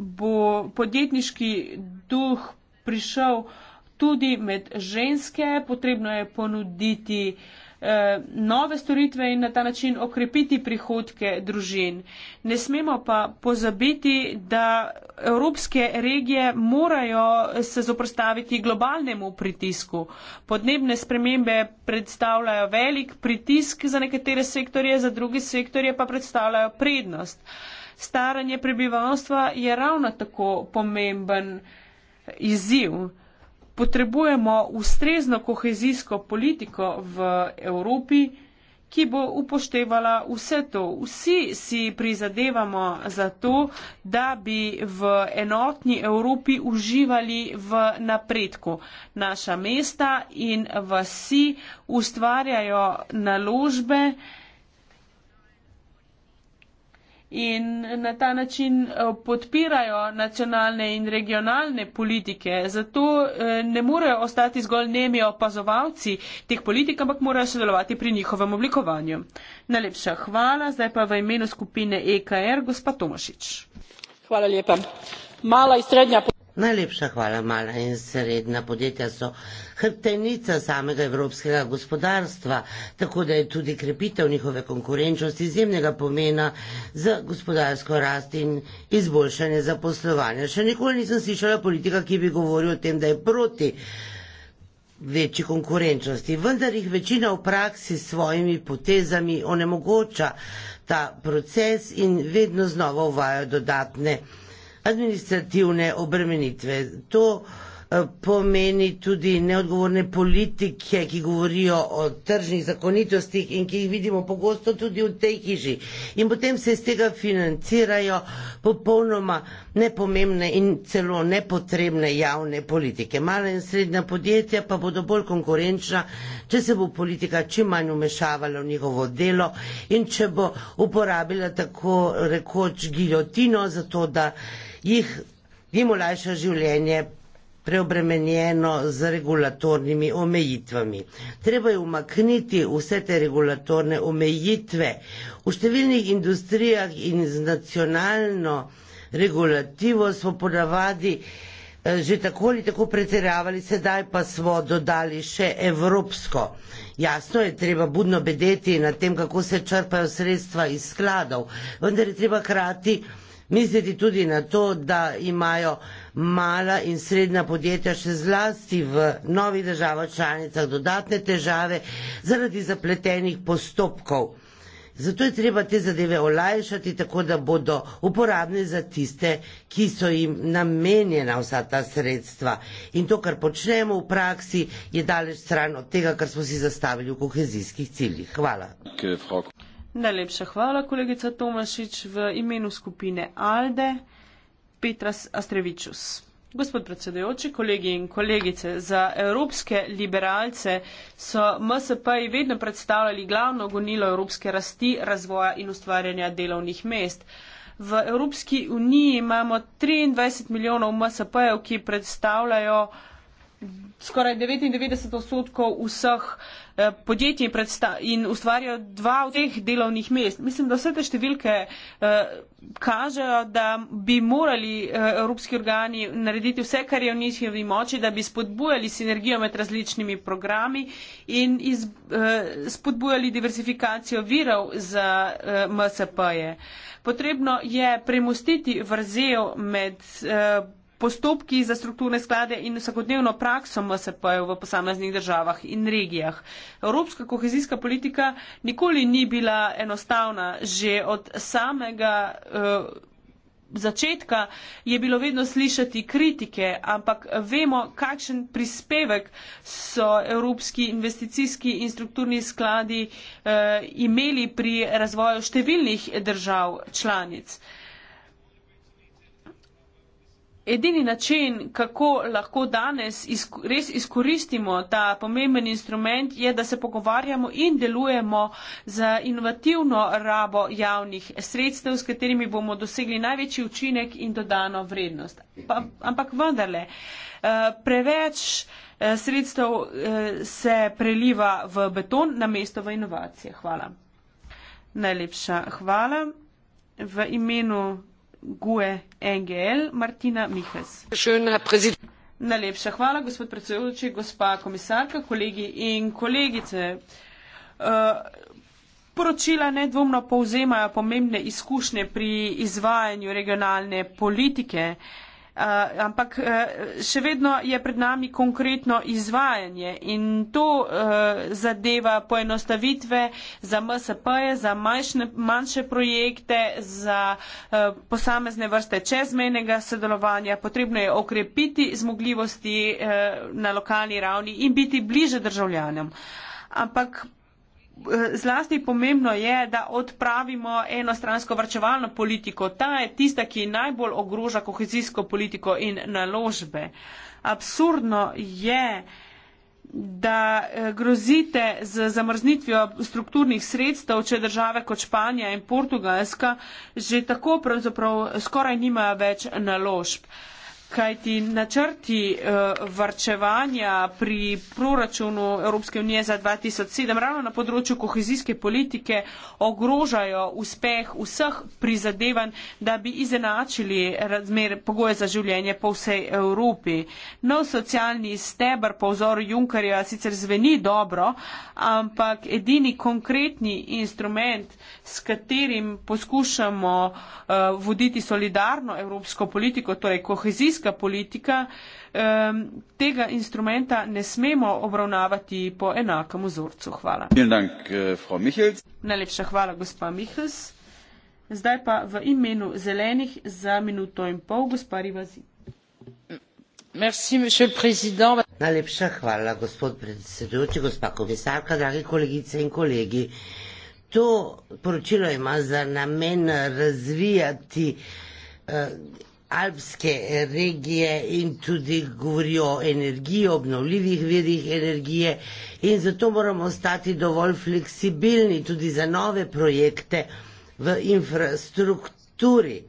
bo podjetniški duh prišel tudi med ženske, potrebno je ponuditi eh, nove storitve in na ta način okrepiti prihodke družin. Ne smemo pa pozabiti, da evropske regije morajo se zoprstaviti globalnemu pritisku. Podnebne spremembe predstavljajo velik pritisk za nekatere sektorje, za druge sektorje pa predstavljajo prednost staranje prebivalstva je ravno tako pomemben izziv. Potrebujemo ustrezno kohezijsko politiko v Evropi, ki bo upoštevala vse to. Vsi si prizadevamo za to, da bi v enotni Evropi uživali v napredku. Naša mesta in vsi ustvarjajo naložbe, in na ta način eh, podpirajo nacionalne in regionalne politike. Zato eh, ne morejo ostati zgolj nemi opazovalci teh politik, ampak morajo sodelovati pri njihovem oblikovanju. Najlepša hvala, zdaj pa v imenu skupine EKR gospa Tomošič. Hvala lepa. Mala in srednja. Najlepša hvala, mala in srednja podjetja so hrbtenica samega evropskega gospodarstva, tako da je tudi krepitev njihove konkurenčnosti izjemnega pomena za gospodarsko rast in izboljšanje zaposlovanja. Še nikoli nisem slišala politika, ki bi govoril o tem, da je proti večji konkurenčnosti, vendar jih večina v praksi s svojimi potezami onemogoča ta proces in vedno znova uvaja dodatne administrativne obremenitve. To eh, pomeni tudi neodgovorne politike, ki govorijo o tržnih zakonitostih in ki jih vidimo pogosto tudi v tej hiži. In potem se iz tega financirajo popolnoma nepomembne in celo nepotrebne javne politike. Mala in srednja podjetja pa bodo bolj konkurenčna, če se bo politika čim manj umešavala v njihovo delo in če bo uporabila tako rekoč giljotino za to, da jih, jim olajša življenje preobremenjeno z regulatornimi omejitvami. Treba je umakniti vse te regulatorne omejitve. V številnih industrijah in z nacionalno regulativo smo podavadi eh, že tako ali tako pretiravali, sedaj pa smo dodali še evropsko. Jasno je, treba budno bedeti na tem, kako se črpajo sredstva iz skladov, vendar je treba hkrati misliti tudi na to, da imajo mala in srednja podjetja še zlasti v novih državah članicah dodatne težave zaradi zapletenih postopkov. Zato je treba te zadeve olajšati, tako da bodo uporabne za tiste, ki so jim namenjena vsa ta sredstva. In to, kar počnemo v praksi, je daleč stran od tega, kar smo si zastavili v kohezijskih ciljih. Hvala. Okay, Najlepša hvala, kolegica Tomašič, v imenu skupine Alde, Petras Astrevičus. Gospod predsedujoči, kolegi in kolegice, za evropske liberalce so MSP-ji vedno predstavljali glavno gonilo evropske rasti, razvoja in ustvarjanja delovnih mest. V Evropski uniji imamo 23 milijonov MSP-jev, ki predstavljajo skoraj 99 odstotkov vseh eh, podjetij in ustvarjajo dva od teh delovnih mest. Mislim, da vse te številke eh, kažejo, da bi morali eh, evropski organi narediti vse, kar je v njihovi moči, da bi spodbujali sinergijo med različnimi programi in spodbujali diversifikacijo virov za MSP-je. Potrebno je premustiti vrzel med postopki za strukturne sklade in vsakodnevno prakso MSP-jev v posameznih državah in regijah. Evropska kohezijska politika nikoli ni bila enostavna. Že od samega uh, začetka je bilo vedno slišati kritike, ampak vemo, kakšen prispevek so evropski investicijski in strukturni skladi uh, imeli pri razvoju številnih držav članic. Uh, Edini način, kako lahko danes res izkoristimo ta pomemben instrument, je, da se pogovarjamo in delujemo za inovativno rabo javnih sredstev, s katerimi bomo dosegli največji učinek in dodano vrednost. Pa, ampak vendarle, eh, preveč eh, sredstev eh, se preliva v beton na mesto v inovacije. Hvala. Najlepša hvala. V imenu Najlepša hvala, gospod predsedujoči, gospa komisarka, kolegi in kolegice. Uh, poročila nedvomno povzemajo pomembne izkušnje pri izvajanju regionalne politike. Uh, ampak uh, še vedno je pred nami konkretno izvajanje in to uh, zadeva poenostavitve za MSP-je, za manjšne, manjše projekte, za uh, posamezne vrste čezmejnega sodelovanja. Potrebno je okrepiti zmogljivosti uh, na lokalni ravni in biti bliže državljanom. Ampak Eh, zlasti pomembno je, da odpravimo enostransko vrčevalno politiko. Ta je tista, ki najbolj ogroža kohezijsko politiko in naložbe. Absurdno je, da eh, grozite z zamrznitvijo strukturnih sredstev, če države kot Španija in Portugalska že tako pravzaprav skoraj nimajo več naložb kajti načrti uh, varčevanja pri proračunu Evropske unije za 2007 ravno na področju kohezijske politike ogrožajo uspeh vseh prizadevanj, da bi izenačili razmer pogoje za življenje po vsej Evropi. Nov socialni stebr po vzoru Junkerja sicer zveni dobro, ampak edini konkretni instrument, s katerim poskušamo uh, voditi solidarno evropsko politiko, torej kohezijsko, kohezijska politika, tega instrumenta ne smemo obravnavati po enakem vzorcu. Hvala. Eh, Najlepša hvala, gospa Michels. Zdaj pa v imenu zelenih za minuto in pol, gospa Rivazi. Merci, Najlepša hvala, gospod predsedujoči, gospa komisarka, dragi kolegice in kolegi. To poročilo ima za namen razvijati eh, alpske eh, regije in tudi govori o energiji, obnovljivih verjih energije in zato moramo ostati dovolj fleksibilni tudi za nove projekte v infrastrukturi.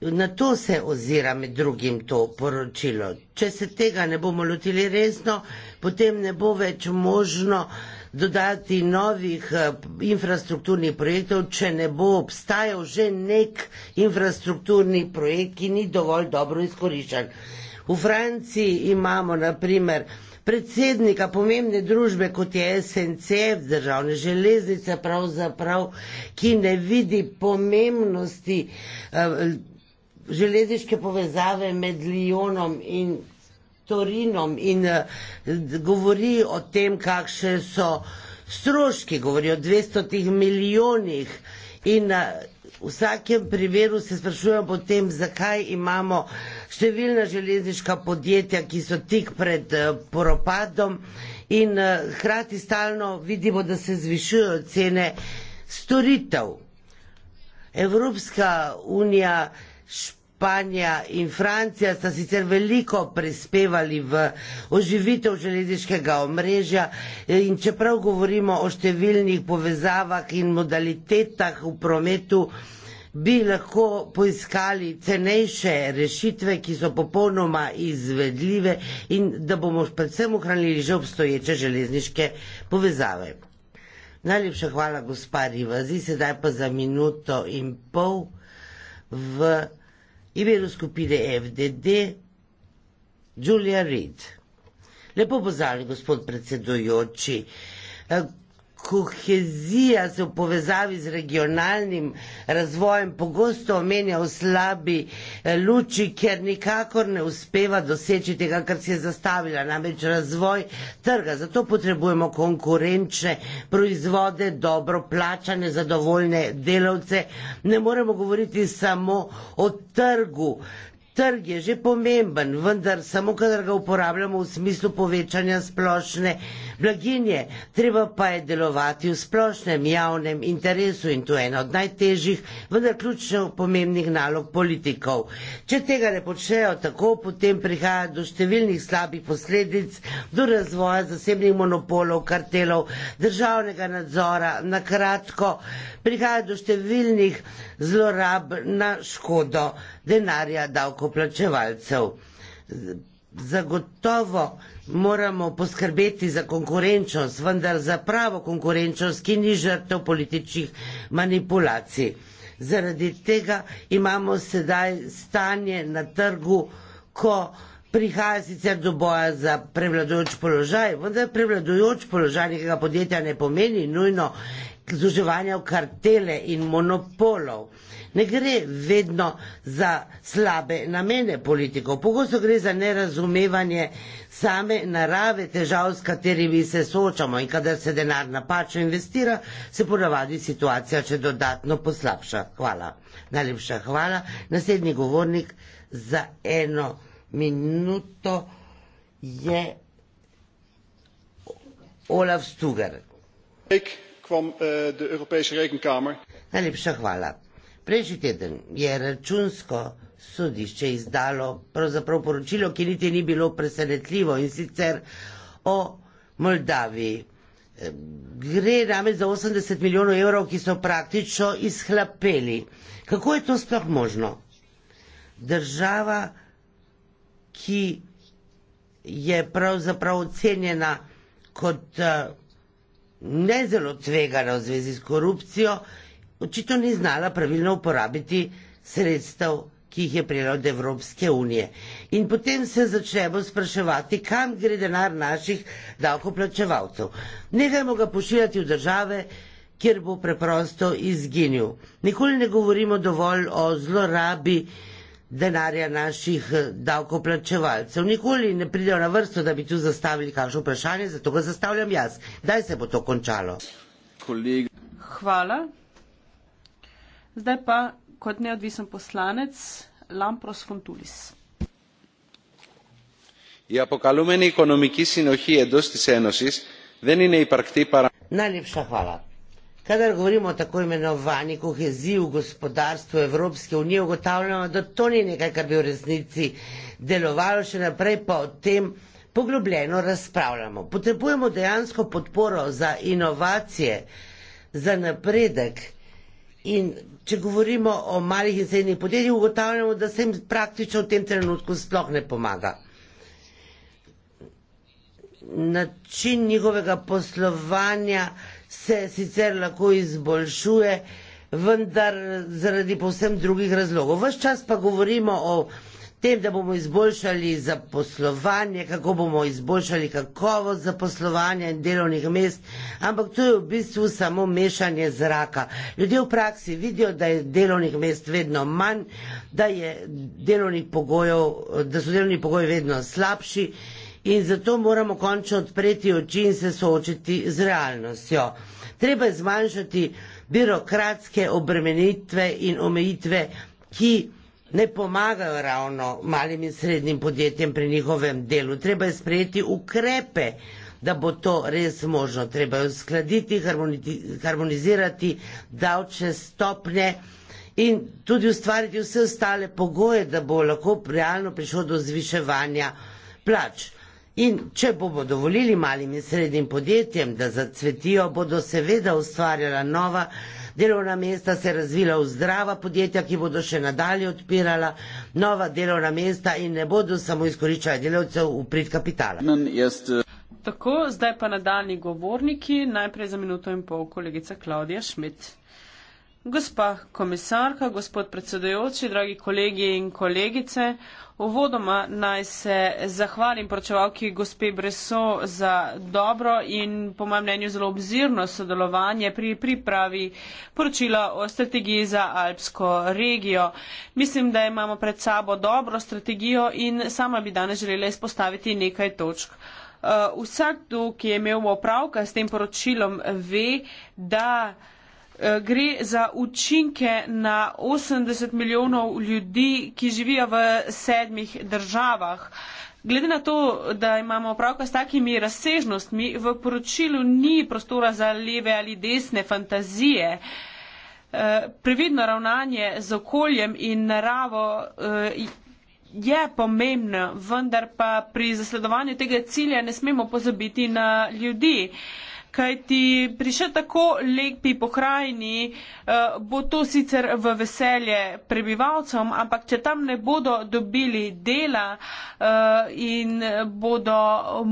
Na to se ozira med drugim to poročilo. Če se tega ne bomo lotili resno, potem ne bo več možno dodati novih eh, infrastrukturnih projektov, če ne bo obstajal že nek infrastrukturni projekt, ki ni dovolj dobro izkoriščen. V Franciji imamo naprimer predsednika pomembne družbe, kot je SNCF, državne železnice, pravzaprav, ki ne vidi pomembnosti eh, železniške povezave med Lijonom in Torinom in eh, govori o tem, kakšne so stroški, govori o 200 milijonih. In eh, v vsakem primeru se sprašujemo potem, zakaj imamo številna železniška podjetja, ki so tik pred eh, propadom in hkrati stalno vidimo, da se zvišujejo cene storitev. Evropska unija Španija in Francija sta sicer veliko prispevali v oživitev železniškega omrežja eh, in čeprav govorimo o številnih povezavah in modalitetah v prometu, bi lahko poiskali cenejše rešitve, ki so popolnoma izvedljive in da bomo predvsem ohranili že obstoječe železniške povezave. Najlepša hvala, gospa Riva. Zdaj sedaj pa za minuto in pol v imenu skupine FDD Julia Reed. Lepo pozdravljen, gospod predsedujoči kohezija se v povezavi z regionalnim razvojem pogosto omenja v slabi eh, luči, ker nikakor ne uspeva doseči tega, kar si je zastavila, namreč razvoj trga. Zato potrebujemo konkurenčne proizvode, dobro plačane, zadovoljne delavce. Ne moremo govoriti samo o trgu. Trg je že pomemben, vendar samo, kadar ga uporabljamo v smislu povečanja splošne Blaginje treba pa je delovati v splošnem javnem interesu in to je eno od najtežjih, vendar ključno pomembnih nalog politikov. Če tega ne počnejo tako, potem prihaja do številnih slabih posledic, do razvoja zasebnih monopolov, kartelov, državnega nadzora, na kratko prihaja do številnih zlorab na škodo denarja davkoplačevalcev. Zagotovo moramo poskrbeti za konkurenčnost, vendar za pravo konkurenčnost, ki ni žrtev političnih manipulacij. Zaradi tega imamo sedaj stanje na trgu, ko prihaja sicer do boja za prevladujoč položaj, vendar prevladujoč položaj nekega podjetja ne pomeni nujno združevanja v kartele in monopolov ne gre vedno za slabe namene politikov, pogosto gre za nerazumevanje same narave težav, s katerimi se soočamo in kadar se denar napačno investira, se ponavadi situacija še dodatno poslabša. Hvala. Najlepša hvala. Naslednji govornik za eno minuto je Olaf Stuger. Ik kwam uh, de Europese Rekenkamer. Najlepša hvala. Prejšnji teden je računsko sodišče izdalo pravzaprav poročilo, ki niti ni bilo presenetljivo in sicer o Moldaviji. Gre name za 80 milijonov evrov, ki so praktično izhlapeli. Kako je to sploh možno? Država, ki je pravzaprav ocenjena kot eh, ne zelo tvegana v zvezi s korupcijo, očitno ni znala pravilno uporabiti sredstev, ki jih je prijela od Evropske unije. In potem se začnemo spraševati, kam gre denar naših davkoplačevalcev. Nehajmo ga pošiljati v države, kjer bo preprosto izginil. Nikoli ne govorimo dovolj o zlorabi denarja naših eh, davkoplačevalcev. Nikoli ne pridejo na vrsto, da bi tu zastavili kakšno vprašanje, zato ga zastavljam jaz. Kdaj se bo to končalo? Kolega. Hvala. Zdaj pa kot neodvisen poslanec Lampros Fontulis. Η αποκαλούμενη οικονομική συνοχή εντό τη Ένωση δεν είναι υπαρκτή παρά. Να λείψα φάλα. Κάτα γνωρίζουμε τα κόμμενα βάνη, κοχεζίου, γοσποντάρστου, Ευρώπη και Ουνίου, γοτάβλαμε ότι το είναι κάποια βιορεσνίτσι. Δελοβάλλω σε να πρέπει από τεμ. Поглублено разправljamo. Potrebujemo dejansko podporo za inovacije, za napredek in če govorimo o malih in srednjih podjetjih, ugotavljamo, da se jim praktično v tem trenutku sploh ne pomaga. Način njihovega poslovanja se sicer lahko izboljšuje, vendar zaradi povsem drugih razlogov. Ves čas pa govorimo o tem, da bomo izboljšali zaposlovanje, kako bomo izboljšali kakovost zaposlovanja in delovnih mest, ampak to je v bistvu samo mešanje zraka. Ljudje v praksi vidijo, da je delovnih mest vedno manj, da, pogojev, da so delovni pogoji vedno slabši in zato moramo končno odpreti oči in se soočiti z realnostjo. Treba je zmanjšati birokratske obremenitve in omejitve, ki ne pomagajo ravno malim in srednjim podjetjem pri njihovem delu. Treba je sprejeti ukrepe, da bo to res možno. Treba je uskladiti, harmonizirati davčne stopnje in tudi ustvariti vse ostale pogoje, da bo lahko realno prišlo do zviševanja plač. In če bomo dovolili malim in srednjim podjetjem, da zacvetijo, bodo seveda ustvarjala nova delovna mesta se razvila v zdrava podjetja, ki bodo še nadalje odpirala nova delovna mesta in ne bodo samo izkoriščali delovcev v prid kapitala. Eh, Tako, zdaj pa nadaljni govorniki, najprej za minuto in pol kolegica Klaudija Šmit. Gospa komisarka, gospod predsedujoči, dragi kolegi in kolegice, Uvodoma naj se zahvalim poročevalki gospe Breso za dobro in po mojem mnenju zelo obzirno sodelovanje pri pripravi poročila o strategiji za Alpsko regijo. Mislim, da imamo pred sabo dobro strategijo in sama bi danes želela izpostaviti nekaj točk. Uh, vsak, ki je imel opravka s tem poročilom, ve, da Eh, gre za učinke na 80 milijonov ljudi, ki živijo v sedmih državah. Glede na to, da imamo pravka s takimi razsežnostmi, v poročilu ni prostora za leve ali desne fantazije. Eh, previdno ravnanje z okoljem in naravo eh, je pomembno, vendar pa pri zasledovanju tega cilja ne smemo pozabiti na ljudi kaj ti pri še tako lepi pokrajini eh, bo to sicer v veselje prebivalcem, ampak če tam ne bodo dobili dela eh, in bodo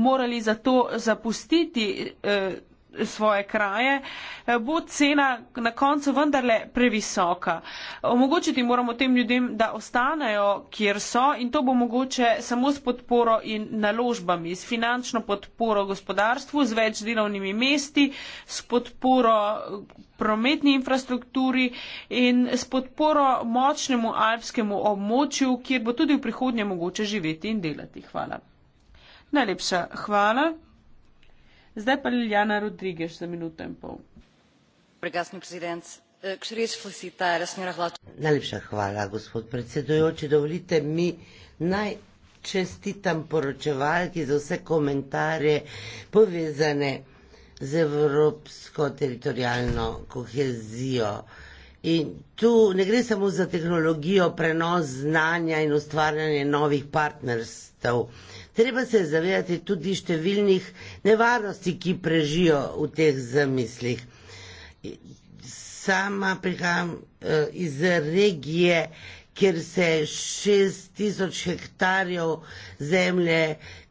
morali zato zapustiti eh, svoje kraje, eh, bo cena na koncu vendarle previsoka. Omogočiti moramo tem ljudem, da ostanejo, kjer so in to bo mogoče samo s podporo in naložbami, s finančno podporo gospodarstvu, z več delovnimi mesti, s podporo eh, prometni infrastrukturi in s podporo močnemu alpskemu območju, kjer bo tudi v prihodnje mogoče živeti in delati. Hvala. Najlepša hvala zdaj pa ljiljana rodrigues za minuto in pol. Eh, Najlepša hvala, gospod predsedujoči. Dovolite mi naj čestitam poročevalki za vse komentarje povezane z evropsko teritorijalno kohezijo. In tu ne gre samo za tehnologijo, prenos znanja in ustvarjanje novih partnerstv. Treba se zavedati tudi številnih nevarnosti, ki prežijo v teh zamislih. Sama prihajam eh, iz regije, kjer se 6000 hektarjev zemlje,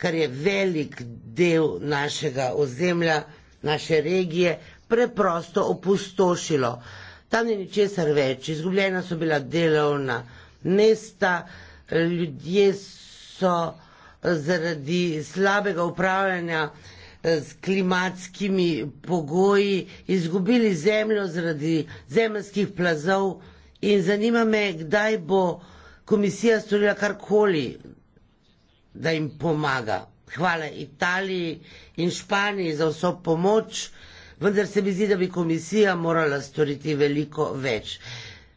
kar je velik del našega ozemlja, naše regije, preprosto opustošilo. Tam ni ničesar več, izgubljena so bila delovna mesta, ljudje so zaradi slabega upravljanja eh, s klimatskimi pogoji izgubili zemljo zaradi zemljskih plazov in zanima me, kdaj bo komisija storila karkoli, da jim pomaga. Hvala Italiji in Španiji za vso pomoč, vendar se mi zdi, da bi komisija morala storiti veliko več.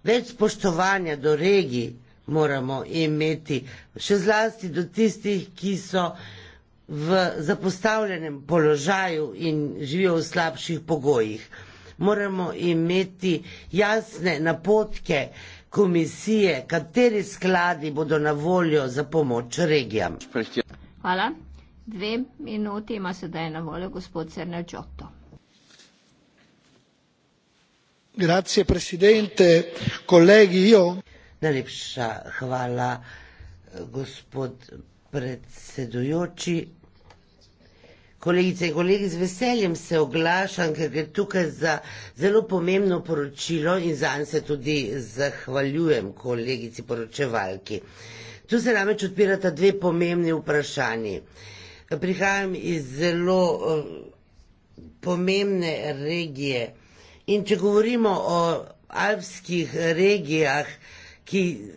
Več spoštovanja do regij, moramo imeti, še zlasti do tistih, ki so v zapostavljenem položaju in živijo v slabših pogojih. Moramo imeti jasne napotke komisije, kateri skladi bodo na voljo za pomoč regijam. Hvala. Dve minuti ima sedaj na voljo gospod Cernačoto. Grazie, predsednik, kolegi, jo. Najlepša hvala, eh, gospod predsedujoči. Kolegice in kolegi, z veseljem se oglašam, ker gre tukaj za zelo pomembno poročilo in zanj se tudi zahvaljujem kolegici poročevalki. Tu se namreč odpirata dve pomembni vprašanji. Prihajam iz zelo eh, pomembne regije in če govorimo o alpskih regijah, ki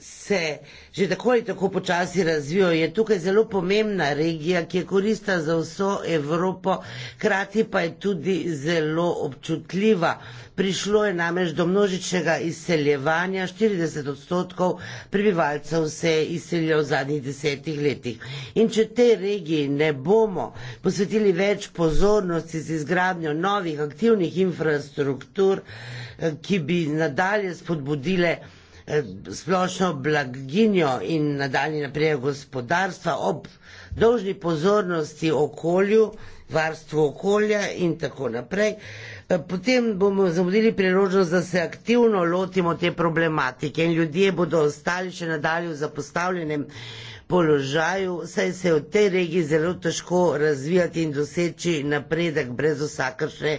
se že tako ali tako počasi razvijajo, je tukaj zelo pomembna regija, ki je korista za vso Evropo, hkrati pa je tudi zelo občutljiva. Prišlo je namreč do množičnega izseljevanja, 40 odstotkov prebivalcev se je izselilo v zadnjih desetih letih. In če tej regiji ne bomo posvetili več pozornosti z izgradnjo novih aktivnih infrastruktur, eh, ki bi nadalje spodbudile Eh, splošno blaginjo in nadaljni napredek gospodarstva ob dolžni pozornosti okolju, varstvu okolja in tako naprej. Eh, potem bomo zamudili priložnost, da se aktivno lotimo te problematike in ljudje bodo ostali še nadalje v zapostavljenem položaju, saj se v tej regiji zelo težko razvijati in doseči napredek brez vsakršne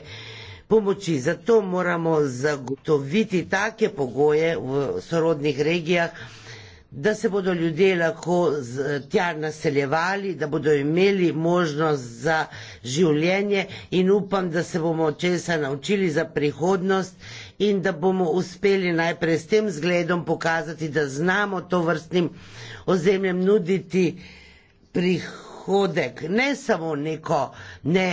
pomoči. Zato moramo zagotoviti take pogoje v sorodnih regijah, da se bodo ljudje lahko tja naseljevali, da bodo imeli možnost za življenje in upam, da se bomo česa naučili za prihodnost in da bomo uspeli najprej s tem zgledom pokazati, da znamo to vrstnim ozemljem nuditi prihodek, ne samo neko ne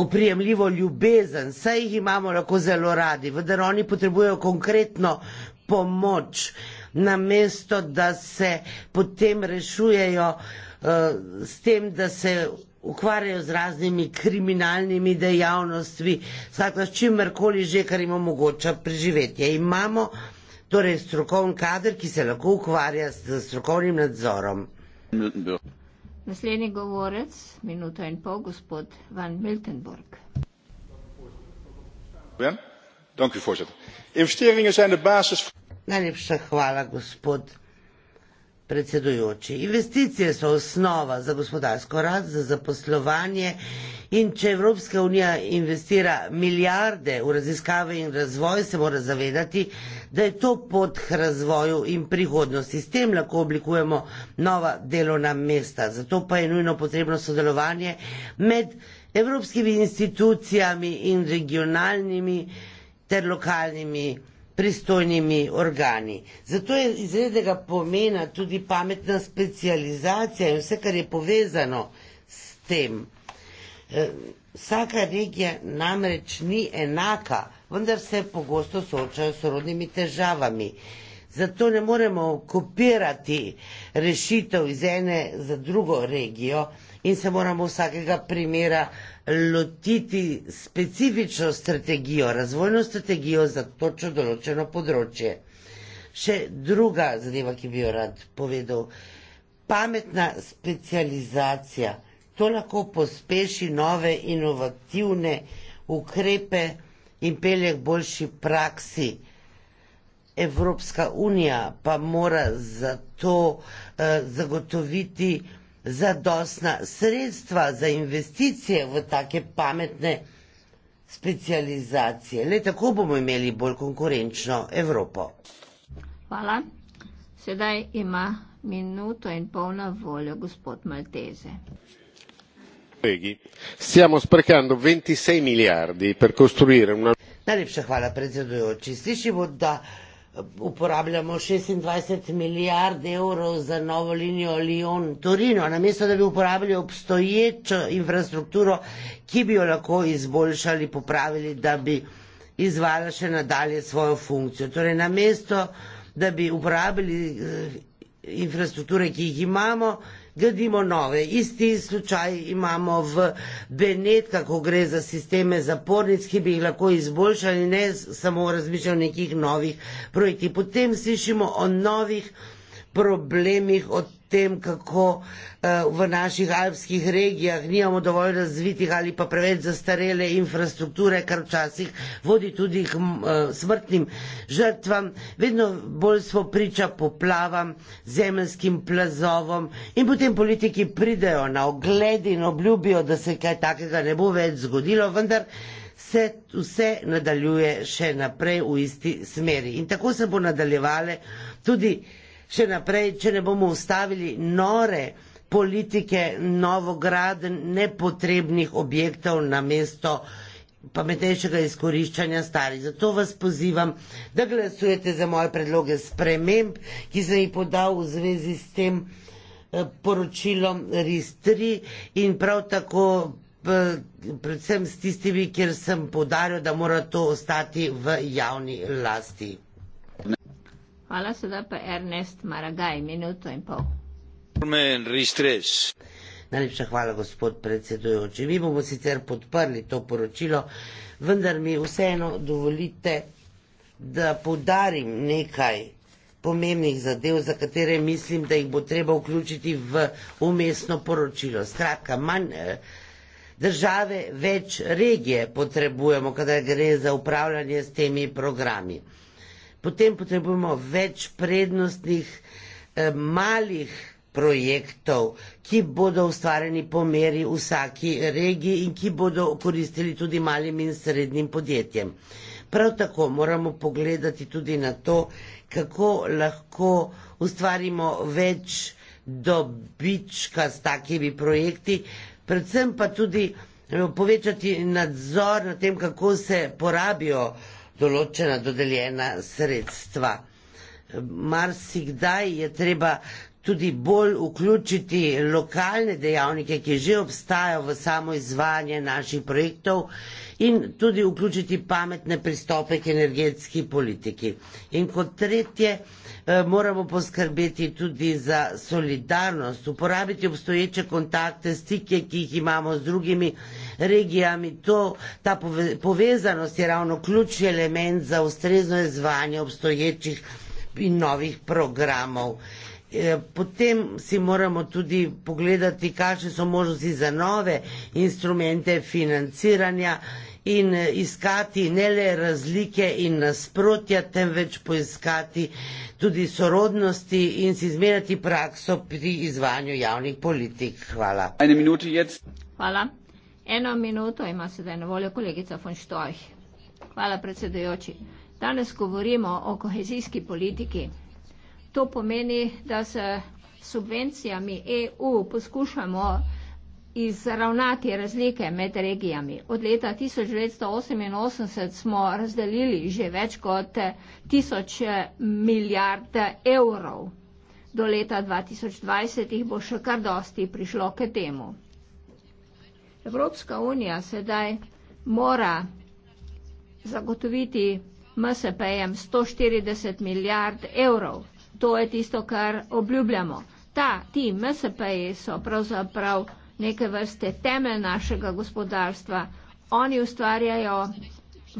oprijemljivo ljubezen, saj jih imamo lahko zelo radi, vendar oni potrebujejo konkretno pomoč, namesto da se potem rešujejo uh, s tem, da se ukvarjajo z raznimi kriminalnimi dejavnostmi, skratka s čimrkoli že, kar jim omogoča preživetje. Imamo torej strokovni kader, ki se lahko ukvarja s strokovnim nadzorom. Naslednji govorec, minuto in pol, gospod Van Miltenburg. Ja? Dank u, voorzitter. Investeringen zijn de basis. Najlepša hvala, gospod predsedujoči. Investicije so osnova za gospodarsko rast, za zaposlovanje in če Evropska unija investira milijarde v raziskave in razvoj, se mora zavedati, da je to pot k razvoju in prihodnosti. S tem lahko oblikujemo nova delovna mesta. Zato pa je nujno potrebno sodelovanje med evropskimi institucijami in regionalnimi ter lokalnimi institucijami pristojnimi organi. Zato je izrednega pomena tudi pametna specializacija in vse, kar je povezano s tem. E, vsaka regija namreč ni enaka, vendar se pogosto soočajo s rodnimi težavami. Zato ne moremo kopirati rešitev iz ene za drugo regijo, in se moramo vsakega primera lotiti specifično strategijo, razvojno strategijo za točno določeno področje. Še druga zadeva, ki bi jo rad povedal, pametna specializacija. To lahko pospeši nove inovativne ukrepe in pelje k boljši praksi. Evropska unija pa mora zato eh, zagotoviti zadostna sredstva za investicije v take pametne specializacije. Le tako bomo imeli bolj konkurenčno Evropo. Hvala. Sedaj ima minuto in pol na voljo gospod Malteze. Stiamo sprecando 26 miliardi per costruire una. Najlepša hvala predsedujoči. Slišimo, da uporabljamo 26 milijard evrov za novo linijo Lyon-Torino, namesto da bi uporabili obstoječo infrastrukturo, ki bi jo lahko izboljšali, popravili, da bi izvala še nadalje svojo funkcijo. Torej, namesto da bi uporabili eh, infrastrukture, ki jih imamo, gradimo nove. Isti slučaj imamo v Benetka, ko gre za sisteme zapornic, ki bi jih lahko izboljšali, ne samo razmišljajo o nekih novih projektih. Potem slišimo o novih problemih, o tem, kako eh, v naših alpskih regijah nimamo dovolj razvitih ali pa preveč zastarele infrastrukture, kar včasih vodi tudi k eh, smrtnim žrtvam. Vedno bolj smo priča poplavam, zemljskim plazovom in potem politiki pridejo na ogled in obljubijo, da se kaj takega ne bo več zgodilo, vendar se vse nadaljuje še naprej v isti smeri. In tako se bo nadaljevale tudi še naprej, če ne bomo ustavili nore politike novograd nepotrebnih objektov na mesto pametnejšega izkoriščanja starih. Zato vas pozivam, da glasujete za moje predloge sprememb, ki sem jih podal v zvezi s tem eh, poročilom RIS-3 in prav tako eh, predvsem s tistimi, kjer sem podaril, da mora to ostati v javni lasti. Hvala, sedaj pa Ernest Maragaj, minuto in pol. Najlepša hvala, gospod predsedujoči. Mi bomo sicer podprli to poročilo, vendar mi vseeno dovolite, da podarim nekaj pomembnih zadev, za katere mislim, da jih bo treba vključiti v umestno poročilo. Skratka, manj eh, države, več regije potrebujemo, kada gre za upravljanje s temi programi potem potrebujemo več prednostnih eh, malih projektov, ki bodo ustvarjeni po meri vsaki regiji in ki bodo koristili tudi malim in srednjim podjetjem. Prav tako moramo pogledati tudi na to, kako lahko ustvarimo več dobička s takimi projekti, predvsem pa tudi eh, povečati nadzor nad tem, kako se porabijo določena dodeljena sredstva. Marsikdaj je treba tudi bolj vključiti lokalne dejavnike, ki že obstajajo v samo izvajanje naših projektov, in tudi vključiti pametne pristope k energetski politiki. In kot tretje, eh, moramo poskrbeti tudi za solidarnost, uporabiti obstoječe kontakte, stike, ki jih imamo z drugimi regijami. To, ta povezanost je ravno ključni element za ustrezno izvajanje obstoječih in novih programov. Eh, potem si moramo tudi pogledati, kakšne so možnosti za nove instrumente financiranja in eh, iskati ne le razlike in nasprotja, temveč poiskati tudi sorodnosti in si izmenjati prakso pri izvajanju javnih politik. Hvala. Eno minuto, Hvala. Eno minuto ima sedaj na voljo kolegica von Štoj. Hvala, predsedujoči. Danes govorimo o kohezijski politiki. To pomeni, da se subvencijami EU poskušamo izravnati razlike med regijami. Od leta 1988 smo razdelili že več kot eh, tisoč eh, milijard evrov. Do leta 2020 jih bo še kar dosti prišlo k temu. Evropska unija sedaj mora zagotoviti MSP-jem 140 milijard evrov. To je tisto, kar obljubljamo. Ta, ti MSP-ji so pravzaprav prav neke vrste temelj našega gospodarstva. Oni ustvarjajo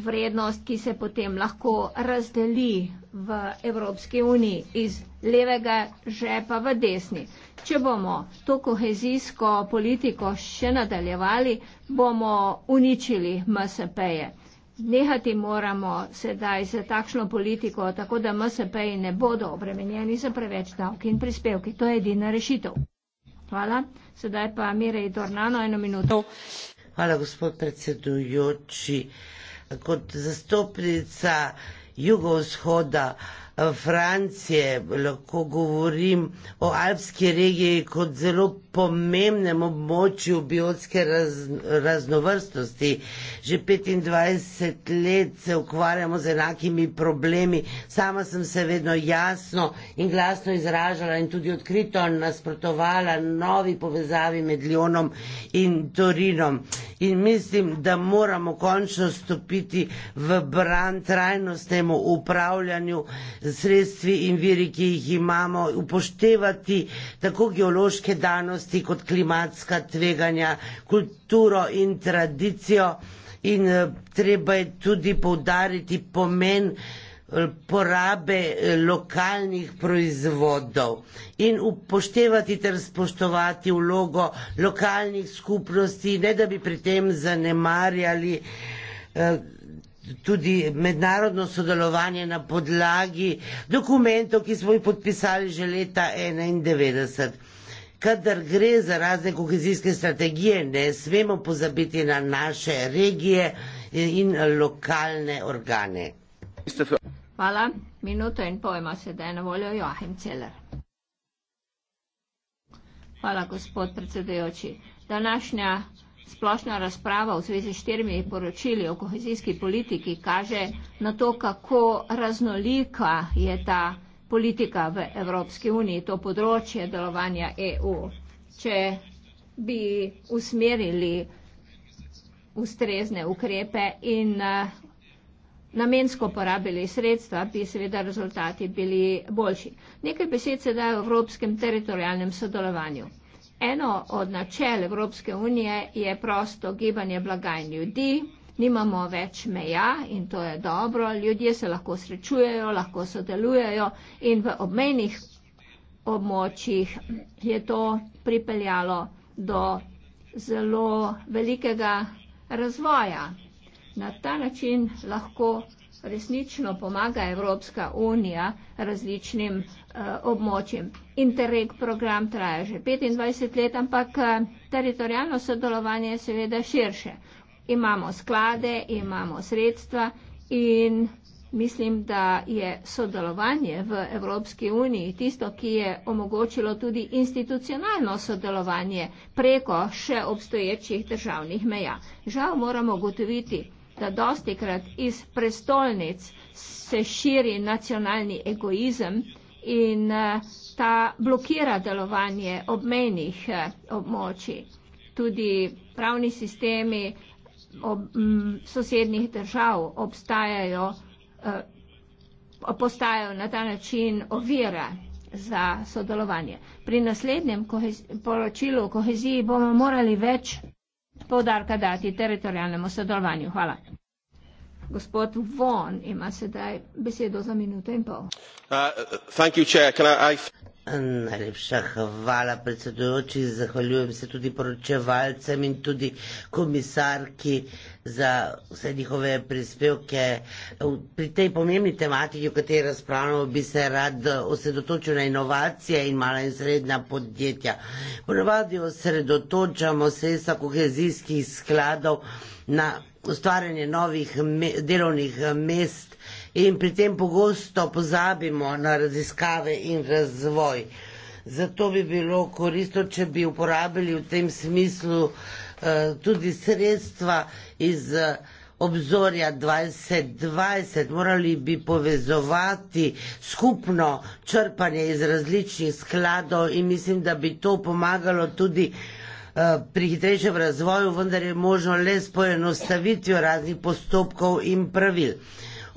vrednost, ki se potem lahko razdeli v Evropski uniji iz levega žepa v desni. Če bomo to kohezijsko politiko še nadaljevali, bomo uničili MSP-je. Nehati moramo sedaj z takšno politiko, tako da MSP-ji ne bodo obremenjeni za preveč davki in prispevki. To je edina rešitev. Hvala. Sedaj pa Mirej Dornano, eno minuto. Hvala, gospod predsedujoči. Kot zastopnica jugovzhoda Francije lahko govorim o alpski regiji kot zelo pomembnem območju biotske raz, raznovrstnosti. Že 25 let se ukvarjamo z enakimi problemi. Sama sem se vedno jasno in glasno izražala in tudi odkrito nasprotovala novi povezavi med Lionom in Torinom. In mislim, da moramo končno stopiti v bran trajnostnemu upravljanju sredstvi in viri, ki jih imamo, upoštevati tako geološke danosti, vrednosti, kot klimatska tveganja, kulturo in tradicijo. In eh, treba je tudi povdariti pomen eh, porabe eh, lokalnih proizvodov in upoštevati ter spoštovati vlogo lokalnih skupnosti, ne da bi pri tem zanemarjali tudi mednarodno sodelovanje na podlagi dokumentov, ki smo jih podpisali že leta 1991. Kadar gre za razne kohezijske strategije, ne smemo pozabiti na naše regije in lokalne organe. Hvala. Minuto in pol ima sedaj na voljo Joachim Celer. Hvala, gospod predsedujoči. Današnja splošna razprava v zvezi s štirimi poročili o kohezijski politiki kaže na to, kako raznolika je ta politika politika v Evropski uniji, to področje delovanja EU. Če bi usmerili ustrezne ukrepe in eh, namensko porabili sredstva, bi seveda rezultati bili boljši. Nekaj besed se da o evropskem teritorijalnem sodelovanju. Eno od načel Evropske unije je prosto gibanje blaga in ljudi nimamo več meja in to je dobro, ljudje se lahko srečujejo, lahko sodelujejo in v obmejnih območjih je to pripeljalo do zelo velikega razvoja. Na ta način lahko resnično pomaga Evropska unija različnim eh, območjem. Interreg program traja že 25 let, ampak eh, teritorijalno sodelovanje je seveda širše imamo sklade, imamo sredstva in mislim, da je sodelovanje v Evropski uniji tisto, ki je omogočilo tudi institucionalno sodelovanje preko še obstoječih državnih meja. Žal moramo gotoviti, da dostikrat iz prestolnic se širi nacionalni egoizem in eh, ta blokira delovanje obmejnih eh, območij. Tudi pravni sistemi ob, m, mm, sosednjih držav obstajajo, eh, postajajo na ta način ovira za sodelovanje. Pri naslednjem kohezi, poročilu o koheziji bomo morali več povdarka dati teritorijalnemu sodelovanju. Hvala. Gospod Von ima sedaj besedo za minuto in pol. Uh, thank you, chair. Can I, I... Najlepša hvala, predsedujoči. Zahvaljujem se tudi poročevalcem in tudi komisarki za vse njihove prispevke. Pri tej pomembni tematiki, o kateri razpravljamo, bi se rad osredotočil na inovacije in mala in srednja podjetja. Ponovadi osredotočamo sredstva kohezijskih skladov na ustvarjanje novih me delovnih mest in pri tem pogosto pozabimo na raziskave in razvoj. Zato bi bilo koristno, če bi uporabili v tem smislu eh, tudi sredstva iz eh, obzorja 2020. Morali bi povezovati skupno črpanje iz različnih skladov in mislim, da bi to pomagalo tudi eh, pri hitrejšem razvoju, vendar je možno le s poenostavitvijo raznih postopkov in pravil.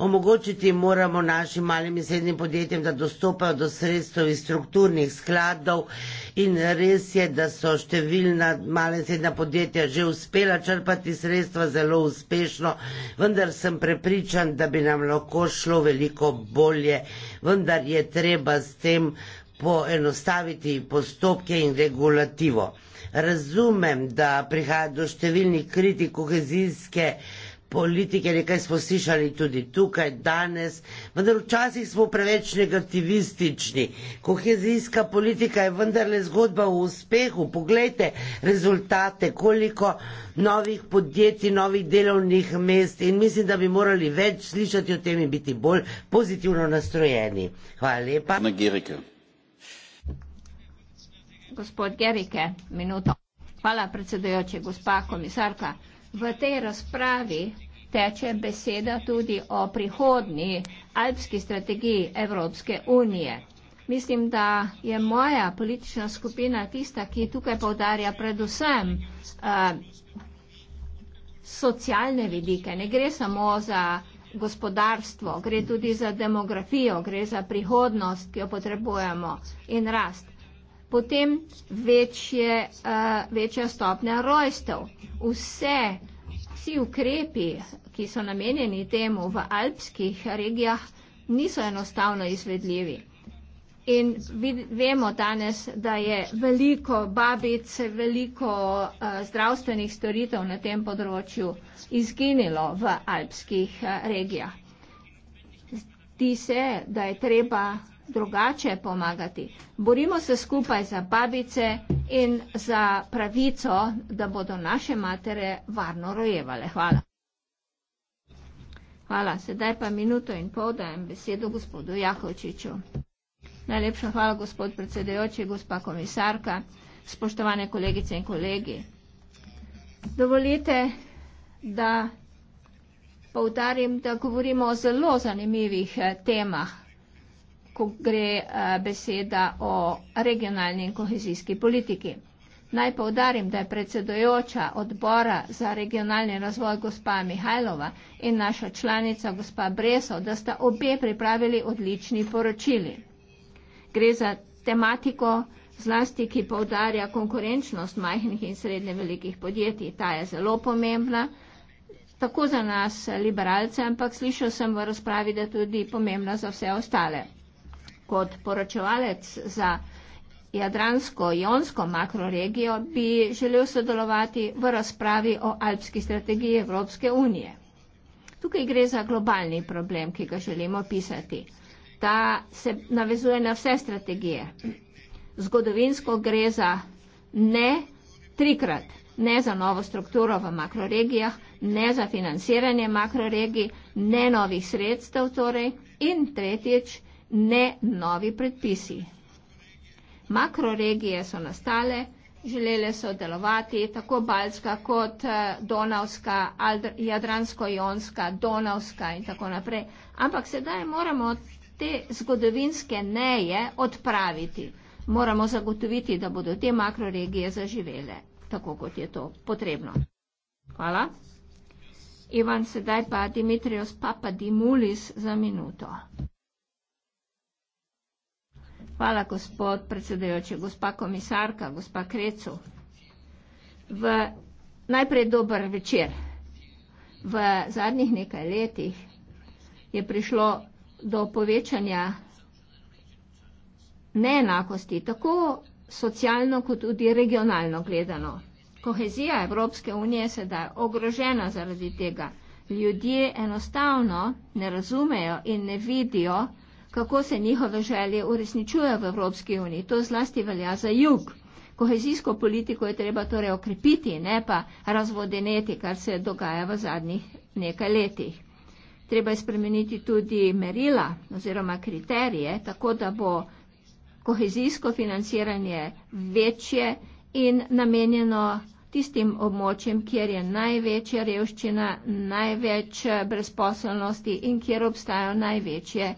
Omogočiti moramo našim malim in srednjim podjetjem, da dostopajo do sredstev iz strukturnih skladov in res je, da so številna male in srednja podjetja že uspela črpati sredstva zelo uspešno, vendar sem prepričan, da bi nam lahko šlo veliko bolje, vendar je treba s tem poenostaviti postopke in regulativo. Razumem, da prihaja do številnih kritik kohezijske politike, nekaj smo slišali tudi tukaj, danes, vendar včasih smo preveč negativistični. Kohezijska politika je vendarle zgodba o uspehu. Poglejte rezultate, koliko novih podjetij, novih delovnih mest in mislim, da bi morali več slišati o tem in biti bolj pozitivno nastrojeni. Hvala lepa. Gospod Gerike, minuto. Hvala predsedujoče, gospa komisarka v tej razpravi teče beseda tudi o prihodni alpski strategiji Evropske unije. Mislim, da je moja politična skupina tista, ki tukaj povdarja predvsem uh, socialne vidike. Ne gre samo za gospodarstvo, gre tudi za demografijo, gre za prihodnost, ki jo potrebujemo in rast. Potem večje, uh, večja stopnja rojstev. Vse, vsi ukrepi, ki so namenjeni temu v alpskih regijah, niso enostavno izvedljivi. In vemo danes, da je veliko babic, veliko uh, zdravstvenih storitev na tem področju izginilo v alpskih uh, regijah. Zdi se, da je treba drugače pomagati. Borimo se skupaj za babice in za pravico, da bodo naše matere varno rojevale. Hvala. Hvala. Sedaj pa minuto in pol dajem besedo gospodu Jakovčiču. Najlepša hvala, gospod predsedujoči, gospa komisarka, spoštovane kolegice in kolegi. Dovolite, da poudarim, da govorimo o zelo zanimivih temah, ko gre eh, beseda o regionalni in kohezijski politiki. Naj povdarim, da je predsedojoča odbora za regionalni razvoj gospa Mihajlova in naša članica gospa Breso, da sta obe pripravili odlični poročili. Gre za tematiko zlasti, ki povdarja konkurenčnost majhnih in srednje velikih podjetij. Ta je zelo pomembna, tako za nas liberalce, ampak slišal sem v razpravi, da je tudi pomembna za vse ostale kot poročevalec za Jadransko-Jonsko makroregijo bi želel sodelovati v razpravi o alpski strategiji Evropske unije. Tukaj gre za globalni problem, ki ga želimo pisati. Ta se navezuje na vse strategije. Zgodovinsko gre za ne trikrat, ne za novo strukturo v makroregijah, ne za financiranje makroregij, ne novih sredstev torej in tretjič, ne novi predpisi. Makroregije so nastale, želele so delovati tako Balska kot eh, Donavska, Jadransko-Jonska, Donavska in tako naprej. Ampak sedaj moramo te zgodovinske neje odpraviti. Moramo zagotoviti, da bodo te makroregije zaživele, tako kot je to potrebno. Hvala. Ivan, sedaj pa Dimitrios Papadimulis za minuto. Hvala, gospod predsedujoči. Gospa komisarka, gospa Krecu. V najprej dober večer. V zadnjih nekaj letih je prišlo do povečanja neenakosti, tako socialno kot tudi regionalno gledano. Kohezija Evropske unije se da ogrožena zaradi tega. Ljudje enostavno ne razumejo in ne vidijo, kako se njihove želje uresničujejo v Evropski uniji. To zlasti velja za jug. Kohezijsko politiko je treba torej okrepiti, ne pa razvodeneti, kar se dogaja v zadnjih nekaj letih. Treba je spremeniti tudi merila oziroma kriterije, tako da bo kohezijsko financiranje večje in namenjeno tistim območjem, kjer je največja revščina, največ brezposelnosti in kjer obstajajo največje.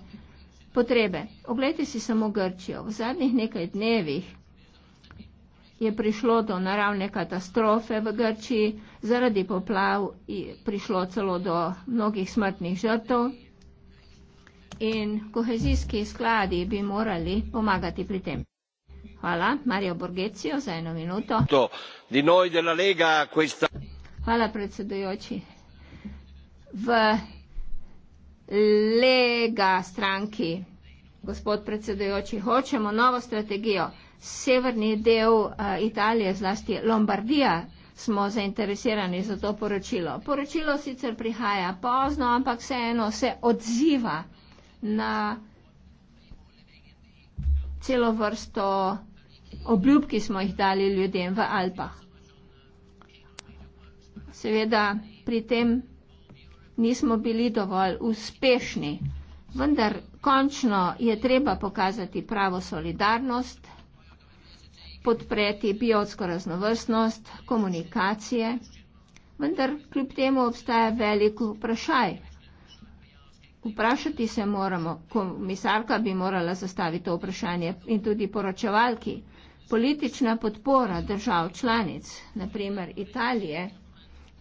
Potrebe. Oglejte si samo Grčijo. V zadnjih nekaj dnevih je prišlo do naravne katastrofe v Grčiji, zaradi poplav je prišlo celo do mnogih smrtnih žrtev in kohezijski skladi bi morali pomagati pri tem. Hvala, Mario Borgezio, za eno minuto. Hvala, predsedujoči. V lega stranki. Gospod predsedujoči, hočemo novo strategijo. Severni del uh, Italije, zlasti Lombardija, smo zainteresirani za to poročilo. Poročilo sicer prihaja pozno, ampak vseeno se odziva na celo vrsto obljub, ki smo jih dali ljudem v Alpah. Seveda pri tem nismo bili dovolj uspešni. Vendar končno je treba pokazati pravo solidarnost, podpreti biotsko raznovrstnost, komunikacije, vendar kljub temu obstaja velik vprašaj. Vprašati se moramo, komisarka bi morala zastaviti to vprašanje in tudi poročevalki. Politična podpora držav članic, naprimer Italije,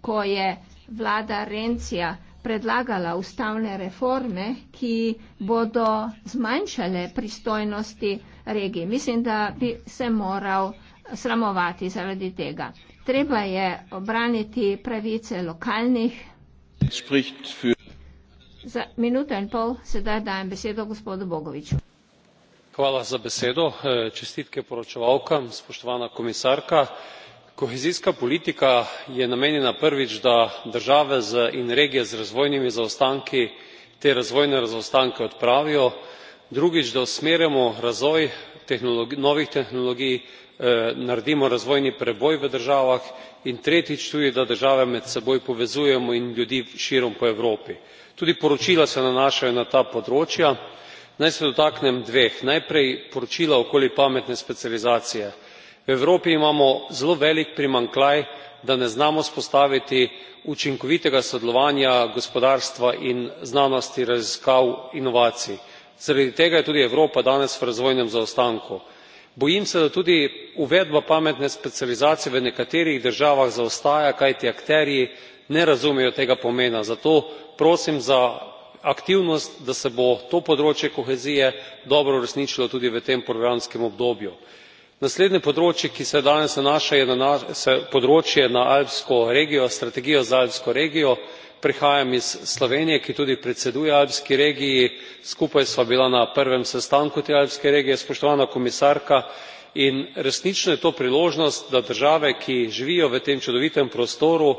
ko je vlada Rencija predlagala ustavne reforme, ki bodo zmanjšale pristojnosti regije. Mislim, da bi se moral sramovati zaradi tega. Treba je obraniti pravice lokalnih. Za minuto in pol sedaj dajem besedo gospodu Bogoviču. Hvala za besedo. E, čestitke poročevalkam, spoštovana komisarka kohezijska politika je namenjena prvič da države in regije z razvojnimi zaostanki te razvojne zaostanke odpravijo drugič da usmerjamo razvoj novih tehnologij eh, naredimo razvojni preboj v državah in tretjič tudi da države med seboj povezujemo in ljudi širom po evropi. tudi poročila se nanašajo na ta področja. naj se dotaknem dveh najprej poročila okoli pametne specializacije v evropi imamo zelo velik primanjkljaj da ne znamo vzpostaviti učinkovitega sodelovanja gospodarstva in znanosti raziskav inovacij. zaradi tega je tudi evropa danes v razvojnem zaostanku. bojim se da tudi uvedba pametne specializacije v nekaterih državah zaostaja kajti akterji ne razumejo tega pomena zato prosim za aktivnost da se bo to področje kohezije dobro uresničilo tudi v tem programskem obdobju naslednje področje ki se danes nanaša je področje na alpsko regijo strategijo za alpsko regijo prihajam iz slovenije ki tudi predseduje alpski regiji skupaj sva bila na prvem sestanku te alpske regije spoštovana komisarka in resnično je to priložnost da države ki živijo v tem čudovitem prostoru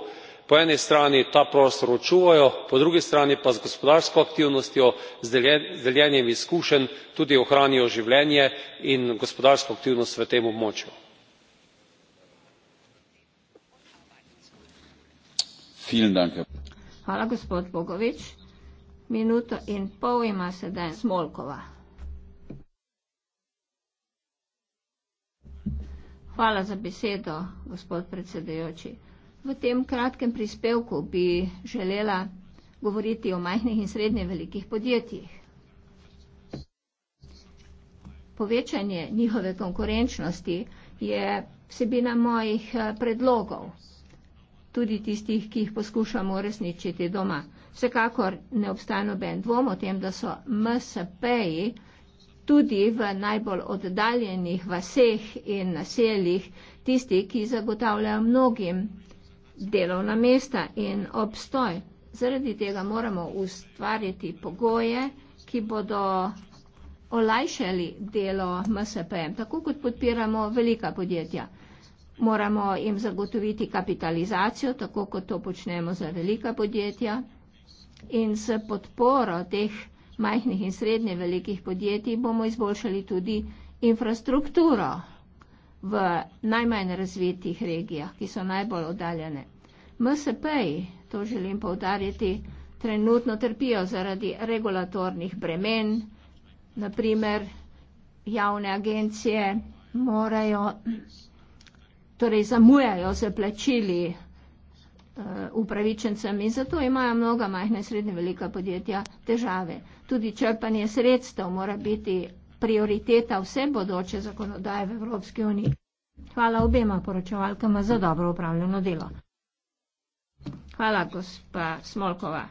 po eni strani ta prostor očuvajo po drugi strani pa z gospodarsko aktivnostjo z deljenjem izkušenj tudi ohranijo življenje in gospodarsko aktivnost v tem območju. V tem kratkem prispevku bi želela govoriti o majhnih in srednje velikih podjetjih. Povečanje njihove konkurenčnosti je vsebina mojih eh, predlogov, tudi tistih, ki jih poskušamo uresničiti doma. Vsekakor ne obstaja noben dvom o tem, da so MSP-ji tudi v najbolj oddaljenih vaseh in naseljih tisti, ki zagotavljajo mnogim delovna mesta in obstoj. Zaradi tega moramo ustvariti pogoje, ki bodo olajšali delo MSP-jem, tako kot podpiramo velika podjetja. Moramo jim zagotoviti kapitalizacijo, tako kot to počnemo za velika podjetja in s podporo teh majhnih in srednje velikih podjetij bomo izboljšali tudi infrastrukturo v najmanj razvitih regijah, ki so najbolj oddaljene. MSP-ji, to želim povdariti, trenutno trpijo zaradi regulatornih bremen, naprimer javne agencije morajo, torej zamujajo se plačili eh, upravičencem in zato imajo mnoga majhna in srednje velika podjetja težave. Tudi črpanje sredstev mora biti prioriteta vse bodoče zakonodaje v Evropski uniji. Hvala obema poročevalkama za dobro upravljeno delo. Hvala, gospa Smolkova.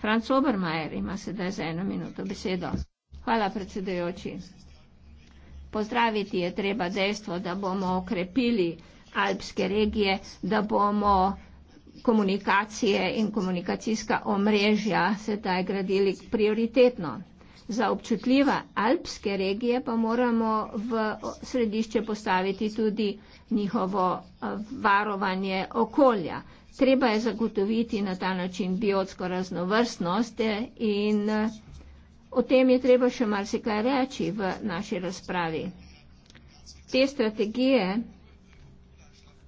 Franc Obermajer ima sedaj za eno minuto besedo. Hvala, predsedujoči. Pozdraviti je treba dejstvo, da bomo okrepili alpske regije, da bomo komunikacije in komunikacijska omrežja sedaj gradili prioritetno. Za občutljiva alpske regije pa moramo v središče postaviti tudi njihovo eh, varovanje okolja. Treba je zagotoviti na ta način biotsko raznovrstnost eh, in eh, o tem je treba še marsikaj reči v naši razpravi. Te strategije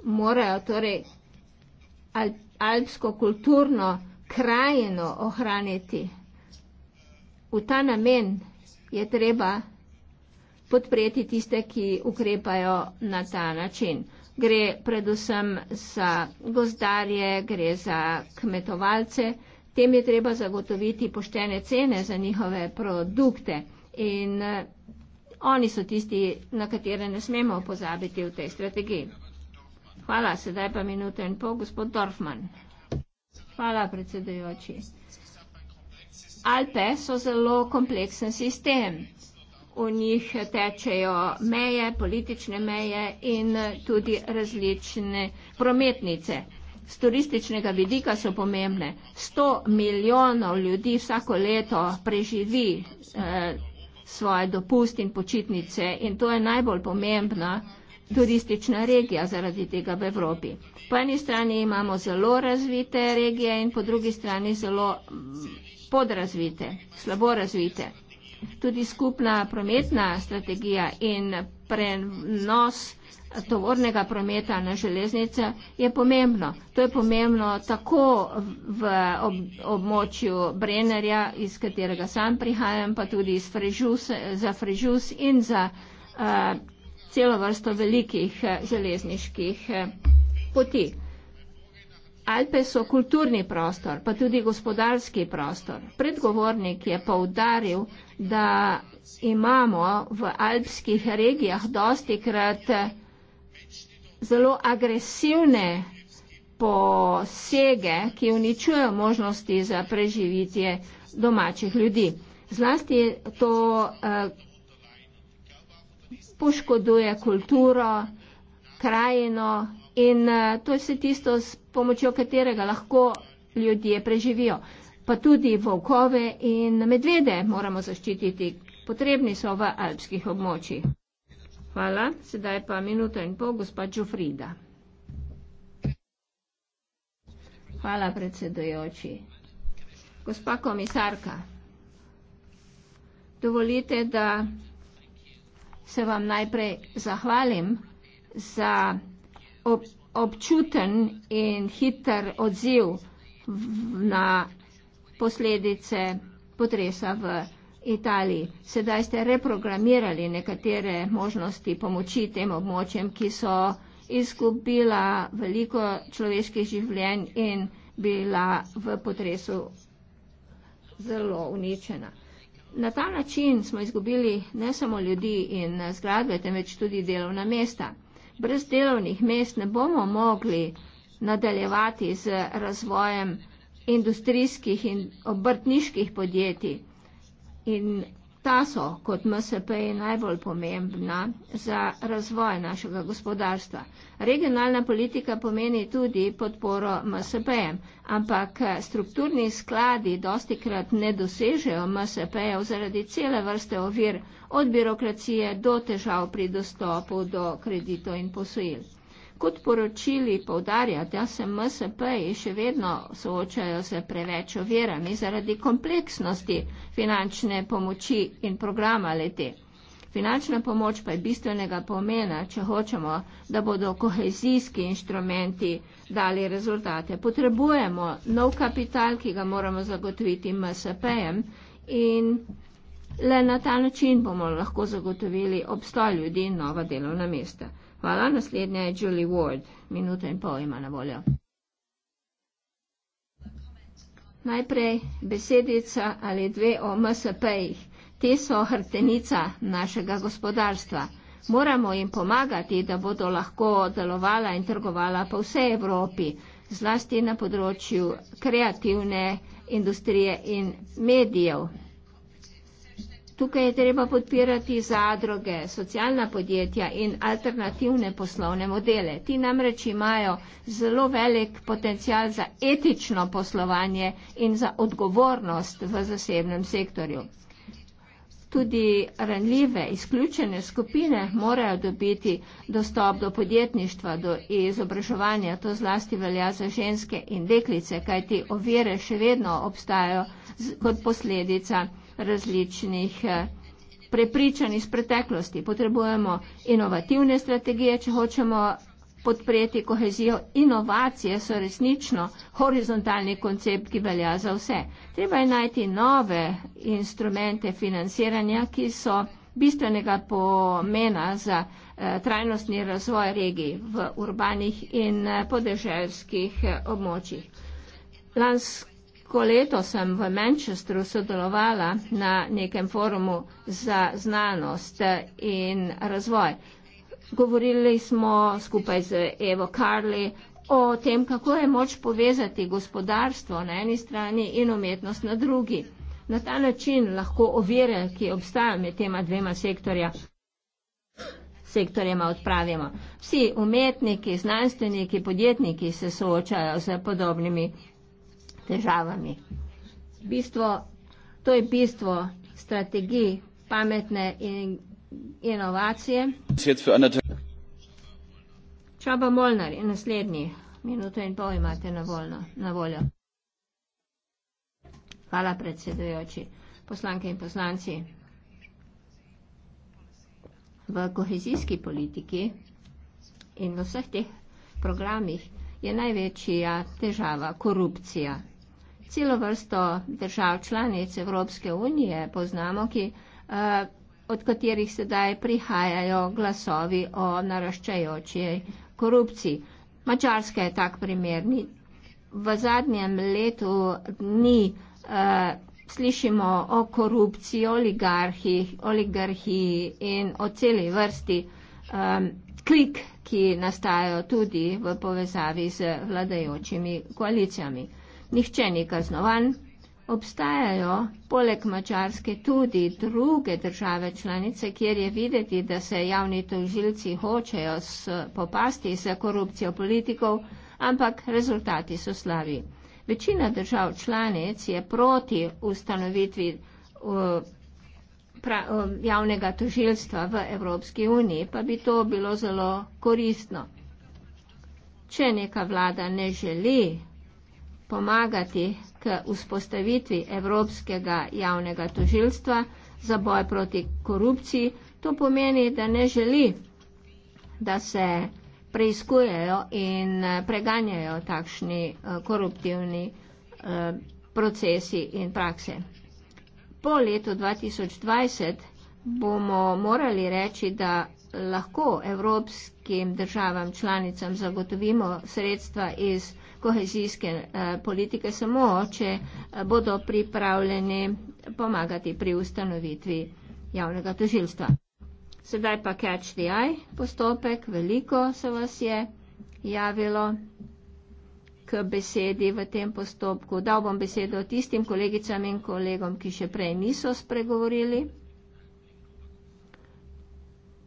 morajo torej alpsko kulturno krajino ohraniti v ta namen je treba podpreti tiste, ki ukrepajo na ta način. Gre predvsem za gozdarje, gre za kmetovalce, tem je treba zagotoviti poštene cene za njihove produkte in eh, oni so tisti, na katere ne smemo pozabiti v tej strategiji. Hvala, sedaj pa minuto in pol, gospod Dorfman. Hvala, predsedujoči. Alpe so zelo kompleksen sistem. V njih tečejo meje, politične meje in tudi različne prometnice. Z turističnega vidika so pomembne. 100 milijonov ljudi vsako leto preživi eh, svoje dopust in počitnice in to je najbolj pomembna turistična regija zaradi tega v Evropi. Po eni strani imamo zelo razvite regije in po drugi strani zelo podrazvite, slabo razvite. Tudi skupna prometna strategija in prenos tovornega prometa na železnice je pomembno. To je pomembno tako v ob, območju Brennerja, iz katerega sam prihajam, pa tudi iz Frežus, za Frežus in za uh, celo vrsto velikih eh, železniških uh, poti. Alpe so kulturni prostor, pa tudi gospodarski prostor. Predgovornik je poudaril, da imamo v alpskih regijah dosti krat eh, zelo agresivne posege, ki uničujejo možnosti za preživitje domačih ljudi. Zlasti to eh, poškoduje kulturo, krajino In uh, to je vse tisto, s pomočjo katerega lahko ljudje preživijo. Pa tudi volkove in medvede moramo zaščititi. Potrebni so v alpskih območjih. Hvala. Sedaj pa minuto in pol, gospod Džofrida. Hvala, predsedojoči. Gospa komisarka, dovolite, da se vam najprej zahvalim za občuten in hiter odziv na posledice potresa v Italiji. Sedaj ste reprogramirali nekatere možnosti pomoči tem območjem, ki so izgubila veliko človeških življenj in bila v potresu zelo uničena. Na ta način smo izgubili ne samo ljudi in zgradbe, temveč tudi delovna mesta brez delovnih mest ne bomo mogli nadaljevati z razvojem industrijskih in obrtniških podjetij. In ta so kot MSP najbolj pomembna za razvoj našega gospodarstva. Regionalna politika pomeni tudi podporo MSP-jem, ampak strukturni skladi dosti krat ne dosežejo MSP-jev zaradi cele vrste ovir od birokracije do težav pri dostopu do kreditov in posojil. Kot poročili povdarjate, da se MSP-ji še vedno soočajo z preveč ovirami zaradi kompleksnosti finančne pomoči in programa lete. Finančna pomoč pa je bistvenega pomena, če hočemo, da bodo kohezijski inštrumenti dali rezultate. Potrebujemo nov kapital, ki ga moramo zagotoviti MSP-jem in Le na ta način bomo lahko zagotovili obstoj ljudi in nova delovna mesta. Hvala, naslednja je Julie Ward. Minuto in pol ima na voljo. Najprej besedica ali dve o MSP-jih. Te so hrtenica našega gospodarstva. Moramo jim pomagati, da bodo lahko delovala in trgovala po vsej Evropi, zlasti na področju kreativne industrije in medijev. Tukaj je treba podpirati zadruge, socialna podjetja in alternativne poslovne modele. Ti namreč imajo zelo velik potencial za etično poslovanje in za odgovornost v zasebnem sektorju. Tudi ranljive, izključene skupine morajo dobiti dostop do podjetništva, do izobraževanja. To zlasti velja za ženske in deklice, kajti ovire še vedno obstajajo kot posledica različnih eh, prepričanj iz preteklosti. Potrebujemo inovativne strategije, če hočemo podpreti kohezijo. Inovacije so resnično horizontalni koncept, ki velja za vse. Treba je najti nove instrumente financiranja, ki so bistvenega pomena za eh, trajnostni razvoj regij v urbanih in eh, podeželskih območjih. Lansko ko leto sem v Manchesteru sodelovala na nekem forumu za znanost in razvoj. Govorili smo skupaj z Evo Karli o tem, kako je moč povezati gospodarstvo na eni strani in umetnost na drugi. Na ta način lahko ovire, ki obstajajo med tema dvema sektorja, sektorjema odpravimo. Vsi umetniki, znanstveniki, podjetniki se soočajo z podobnimi težavami. Bistvo, to je bistvo strategij pametne in inovacije. Čaba Molnar in naslednji. Minuto in pol imate na, voljno, na voljo. Hvala, predsedujoči. Poslanke in poslanci. V kohezijski politiki in v vseh teh programih je največja težava korupcija celo vrsto držav članic Evropske unije poznamo, ki, eh, od katerih sedaj prihajajo glasovi o naraščajočej korupciji. Mačarska je tak primer. V zadnjem letu dni eh, slišimo o korupciji, oligarhiji in o celi vrsti eh, klik, ki nastajajo tudi v povezavi z vladajočimi koalicijami nihče ni kaznovan. Obstajajo poleg Mačarske tudi druge države članice, kjer je videti, da se javni tožilci hočejo popasti z korupcijo politikov, ampak rezultati so slavi. Večina držav članic je proti ustanovitvi uh, um, javnega tožilstva v Evropski uniji, pa bi to bilo zelo koristno. Če neka vlada ne želi pomagati k vzpostavitvi Evropskega javnega tožilstva za boj proti korupciji. To pomeni, da ne želi, da se preizkujejo in preganjajo takšni eh, koruptivni eh, procesi in prakse. Po letu 2020 bomo morali reči, da lahko evropskim državam članicam zagotovimo sredstva iz kohezijske eh, politike samo, če eh, bodo pripravljeni pomagati pri ustanovitvi javnega tožilstva. Sedaj pa catch the eye postopek, veliko se vas je javilo k besedi v tem postopku. Dal bom besedo tistim kolegicam in kolegom, ki še prej niso spregovorili.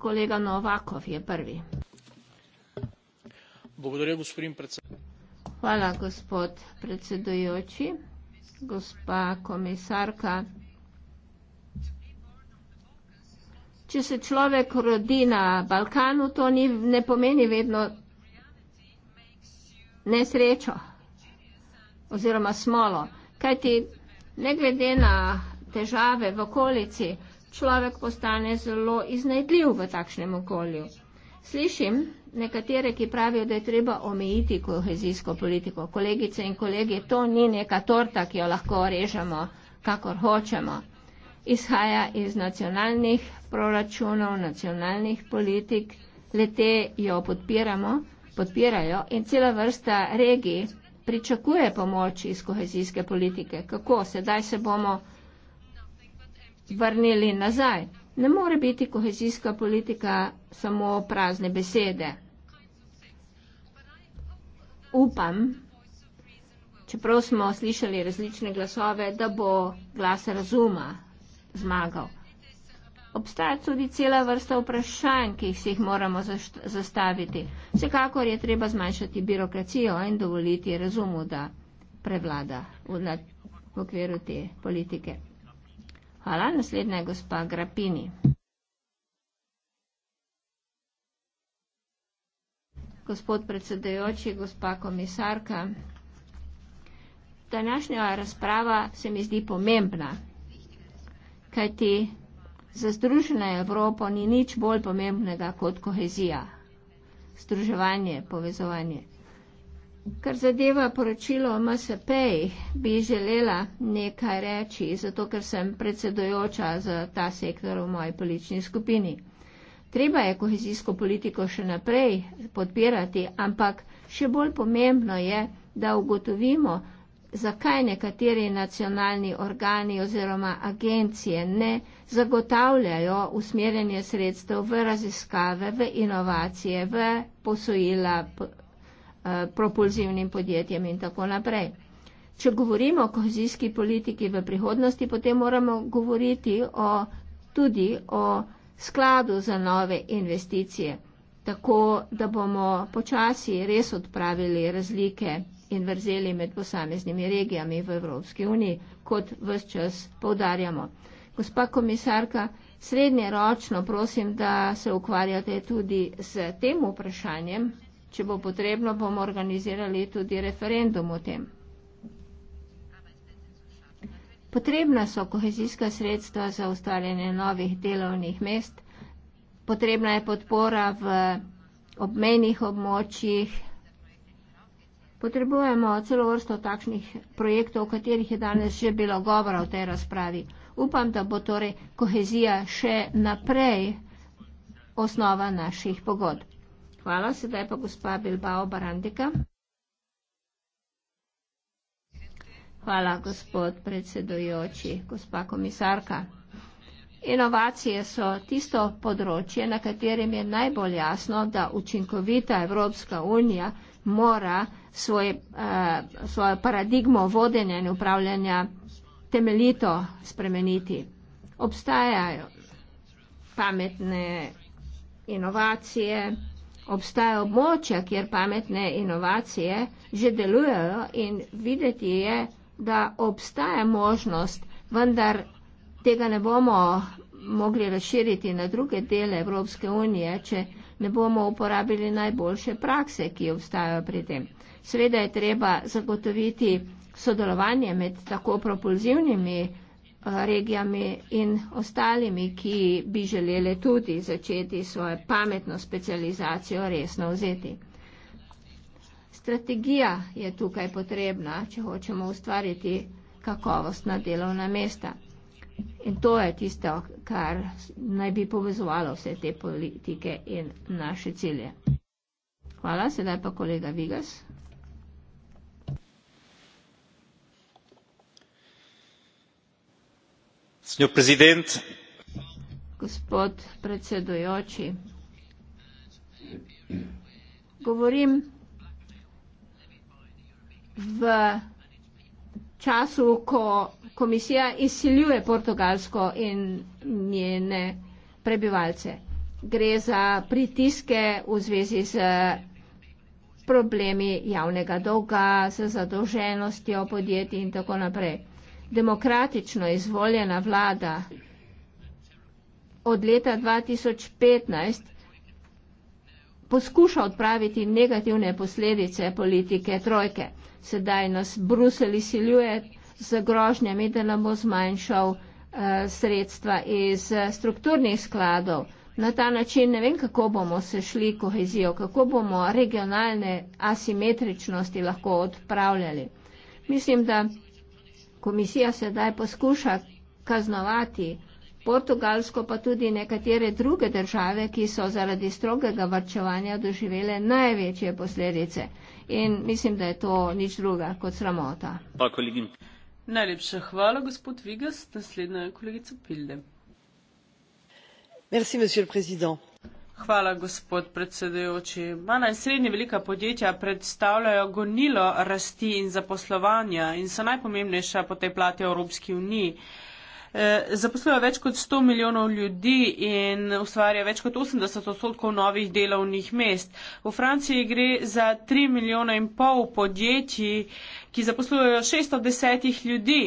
Kolega Novakov je prvi. Bogodarja, gospodin predsednik. Hvala, gospod predsedujoči. Gospa komisarka, če se človek rodi na Balkanu, to ni, ne pomeni vedno nesrečo oziroma smolo. Kajti ne glede na težave v okolici, človek postane zelo iznajdljiv v takšnem okolju. Slišim, nekatere, ki pravijo, da je treba omejiti kohezijsko politiko. Kolegice in kolegi, to ni neka torta, ki jo lahko režemo, kakor hočemo. Izhaja iz nacionalnih proračunov, nacionalnih politik, lete jo podpiramo, podpirajo in cela vrsta regij pričakuje pomoč iz kohezijske politike. Kako? Sedaj se bomo vrnili nazaj. Ne more biti kohezijska politika samo prazne besede upam, čeprav smo slišali različne glasove, da bo glas razuma zmagal. Obstaja tudi cela vrsta vprašanj, ki jih si jih moramo zastaviti. Vsekakor je treba zmanjšati birokracijo in dovoliti razumu, da prevlada v, nad, v okviru te politike. Hvala, naslednja je gospa Grapini. gospod predsedujoči, gospa komisarka. Današnja razprava se mi zdi pomembna, kajti za združeno Evropo ni nič bolj pomembnega kot kohezija, združevanje, povezovanje. Kar zadeva poročilo o MSP, bi želela nekaj reči, zato ker sem predsedujoča za ta sektor v moji politični skupini. Treba je kohezijsko politiko še naprej podpirati, ampak še bolj pomembno je, da ugotovimo, zakaj nekateri nacionalni organi oziroma agencije ne zagotavljajo usmerjanje sredstev v raziskave, v inovacije, v posojila eh, propulzivnim podjetjem in tako naprej. Če govorimo o kohezijski politiki v prihodnosti, potem moramo govoriti o, tudi o skladu za nove investicije, tako da bomo počasi res odpravili razlike in vrzeli med posameznimi regijami v Evropski uniji, kot vse čas povdarjamo. Gospa komisarka, srednje ročno prosim, da se ukvarjate tudi z tem vprašanjem, če bo potrebno, bomo organizirali tudi referendum o tem. Potrebna so kohezijska sredstva za ustvarjanje novih delovnih mest, potrebna je podpora v obmejnih območjih. Potrebujemo celo vrsto takšnih projektov, o katerih je danes že bilo govora v tej razpravi. Upam, da bo torej kohezija še naprej osnova naših pogod. Hvala, sedaj pa gospa Bilbao Barandika. Hvala, gospod predsedujoči, gospa komisarka. Inovacije so tisto področje, na katerem je najbolj jasno, da učinkovita Evropska unija mora svoj, eh, svojo paradigmo vodenja in upravljanja temeljito spremeniti. Obstajajo pametne inovacije, obstajajo območja, kjer pametne inovacije že delujejo in videti je, da obstaja možnost, vendar tega ne bomo mogli razširiti na druge dele Evropske unije, če ne bomo uporabili najboljše prakse, ki obstajajo pri tem. Sveda je treba zagotoviti sodelovanje med tako propulzivnimi eh, regijami in ostalimi, ki bi želeli tudi začeti svojo pametno specializacijo resno vzeti strategija je tukaj potrebna, če hočemo ustvariti kakovostna delovna mesta. In to je tisto, kar naj bi povezovalo vse te politike in naše cilje. Hvala, sedaj pa kolega Vigas. Gospod predsedujoči, govorim v času, ko komisija izsiljuje Portugalsko in njene prebivalce. Gre za pritiske v zvezi z problemi javnega dolga, z zadolženostjo podjetij in tako naprej. Demokratično izvoljena vlada od leta 2015 poskuša odpraviti negativne posledice politike trojke sedaj nas Bruselj izsiljuje z grožnjami, da nam bo zmanjšal eh, sredstva iz eh, strukturnih skladov. Na ta način ne vem, kako bomo se šli kohezijo, kako bomo regionalne asimetričnosti lahko odpravljali. Mislim, da komisija sedaj poskuša kaznovati Portugalsko, pa tudi nekatere druge države, ki so zaradi strogega varčevanja doživele največje posledice in mislim, da je to nič druga kot sramota. Pa kolegin. Najlepša hvala, gospod Vigas. Naslednja je kolegica Pilde. Merci, monsieur le président. Hvala, gospod predsedujoči. Mala in srednje velika podjetja predstavljajo gonilo rasti in zaposlovanja in so najpomembnejša po tej plati Evropski uniji. Eh, zaposluje več kot 100 milijonov ljudi in ustvarja več kot 80 odstotkov novih delovnih mest. V Franciji gre za 3 milijona in pol podjetij, ki zaposlujejo 610 ljudi.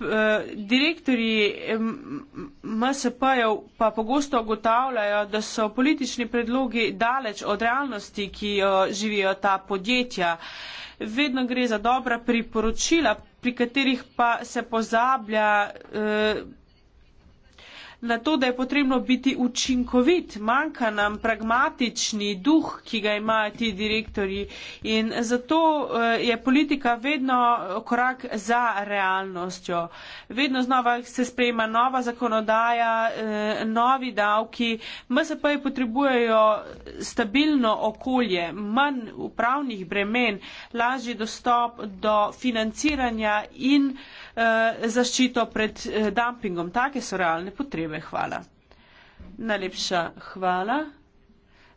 Eh, Direktori MSP-jev pa pogosto ugotavljajo, da so politični predlogi daleč od realnosti, ki jo živijo ta podjetja. Vedno gre za dobra priporočila, pri katerih pa se pozablja, eh, na to, da je potrebno biti učinkovit, manjka nam pragmatični duh, ki ga imajo ti direktori. In zato eh, je politika vedno korak za realnostjo. Vedno znova se sprejema nova zakonodaja, eh, novi davki. MSP-ji potrebujejo stabilno okolje, manj upravnih bremen, lažji dostop do financiranja in Eh, zaščito pred eh, dumpingom. Take so realne potrebe. Hvala. Najlepša hvala.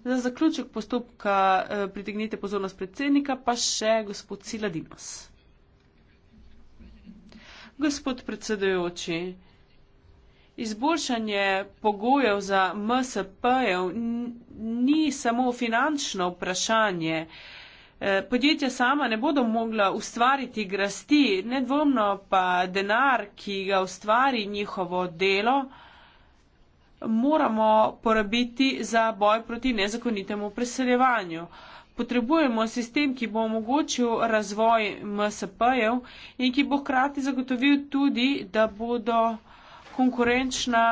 Za zaključek postopka eh, pritegnite pozornost predsednika, pa še gospod Siladinos. Gospod predsedujoči, izboljšanje pogojev za MSP-jev ni samo finančno vprašanje, Eh, podjetja sama ne bodo mogla ustvariti grasti, nedvomno pa denar, ki ga ustvari njihovo delo, moramo porabiti za boj proti nezakonitemu preseljevanju. Potrebujemo sistem, ki bo omogočil razvoj MSP-jev in ki bo hkrati zagotovil tudi, da bodo konkurenčna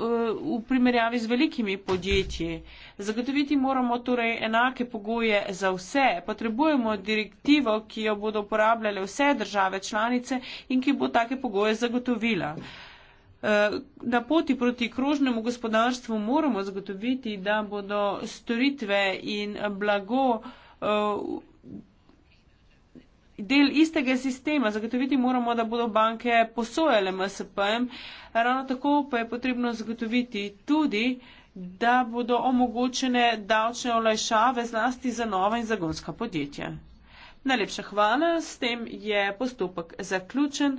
v primerjavi z velikimi podjetji. Zagotoviti moramo torej enake pogoje za vse. Potrebujemo direktivo, ki jo bodo uporabljale vse države članice in ki bo take pogoje zagotovila. Eh, na poti proti krožnemu gospodarstvu moramo zagotoviti, da bodo storitve in blago eh, del istega sistema. Zagotoviti moramo, da bodo banke posojale MSP-jem. Ravno tako pa je potrebno zagotoviti tudi, da bodo omogočene davčne olajšave zlasti za nova in zagonska podjetja. Najlepša hvala, s tem je postopek zaključen.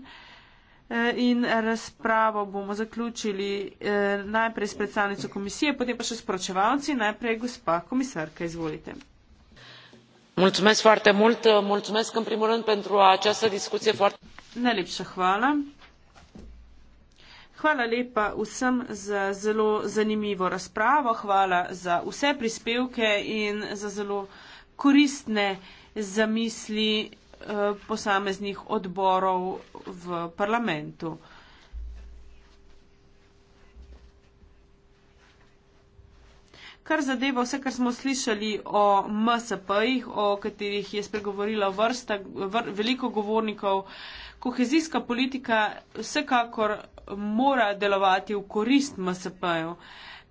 Eh, in razpravo bomo zaključili eh, najprej s predstavnico komisije, potem pa še s poročevalci, najprej gospa komisarka, izvolite mulțumesc foarte mult mulțumesc în primul rând pentru această discuție foarte. najlepša hvala. Hvala lepa vsem za zelo zanimivo razpravo, hvala za vse prispevke in za zelo koristne zamisli eh, posameznih odborov v parlamentu. kar zadeva vse, kar smo slišali o MSP-jih, o katerih je spregovorila vrsta, vr, veliko govornikov, kohezijska politika vsekakor mora delovati v korist MSP-jev,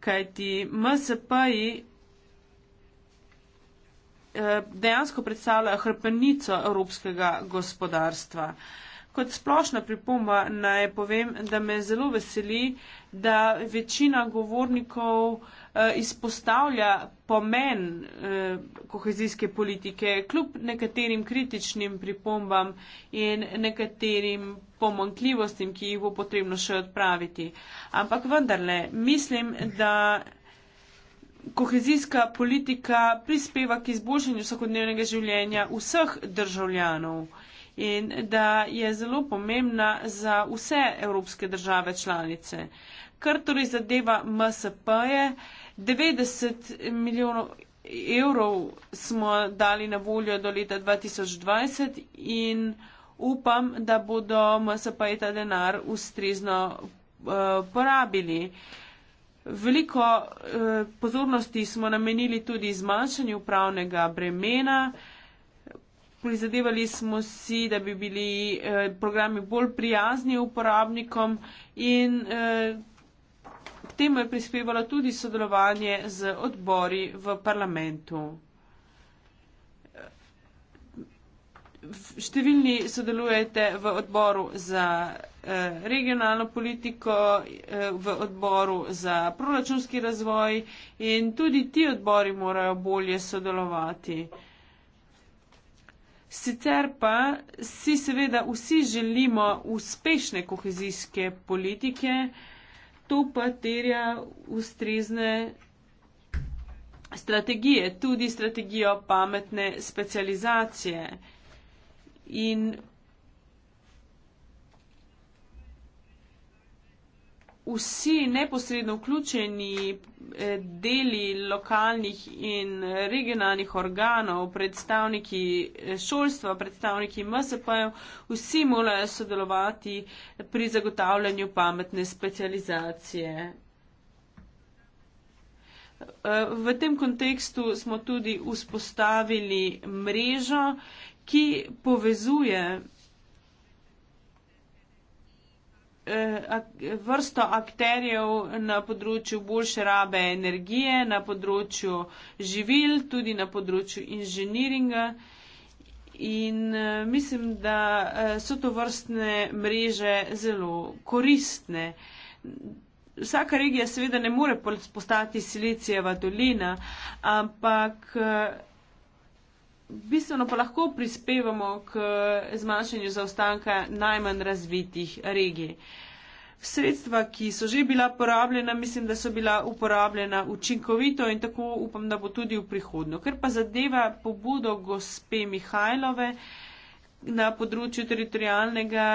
kajti MSP-ji eh, dejansko predstavljajo hrpenico evropskega gospodarstva. Kot splošna pripomba naj povem, da me zelo veseli, da večina govornikov uh, Eh, izpostavlja pomen eh, kohezijske politike, kljub nekaterim kritičnim pripombam in nekaterim pomankljivostim, ki jih bo potrebno še odpraviti. Ampak vendarle, mislim, da kohezijska politika prispeva k izboljšanju vsakodnevnega življenja vseh državljanov. In da je zelo pomembna za vse evropske države članice. Kar torej zadeva MSP-je, eh, 90 milijonov evrov smo dali na voljo do leta 2020 in upam, da bodo MSP ta denar ustrezno eh, porabili. Veliko eh, pozornosti smo namenili tudi zmanjšanju upravnega bremena. Prizadevali smo si, da bi bili eh, programi bolj prijazni uporabnikom in temu je prispevalo tudi sodelovanje z odbori v parlamentu. Številni sodelujete v odboru za eh, regionalno politiko, eh, v odboru za proračunski razvoj in tudi ti odbori morajo bolje sodelovati. Sicer pa si seveda vsi želimo uspešne kohezijske politike, to pa terja ustrezne strategije, tudi strategijo pametne specializacije. In vsi neposredno vključeni eh, deli lokalnih in regionalnih organov, predstavniki eh, šolstva, predstavniki MSP-jev, vsi morajo sodelovati pri zagotavljanju pametne specializacije. Eh, v tem kontekstu smo tudi vzpostavili mrežo, ki povezuje Eh, vrsto akterjev na področju boljše rabe energije, na področju živil, tudi na področju inženiringa. In eh, mislim, da eh, so to vrstne mreže zelo koristne. Vsaka regija seveda ne more postati Silicijeva dolina, ampak bistveno pa lahko prispevamo k zmanjšanju zaostanka najmanj razvitih regij. Sredstva, ki so že bila porabljena, mislim, da so bila uporabljena učinkovito in tako upam, da bo tudi v prihodnju. Ker pa zadeva pobudo gospe Mihajlove na področju teritorijalnega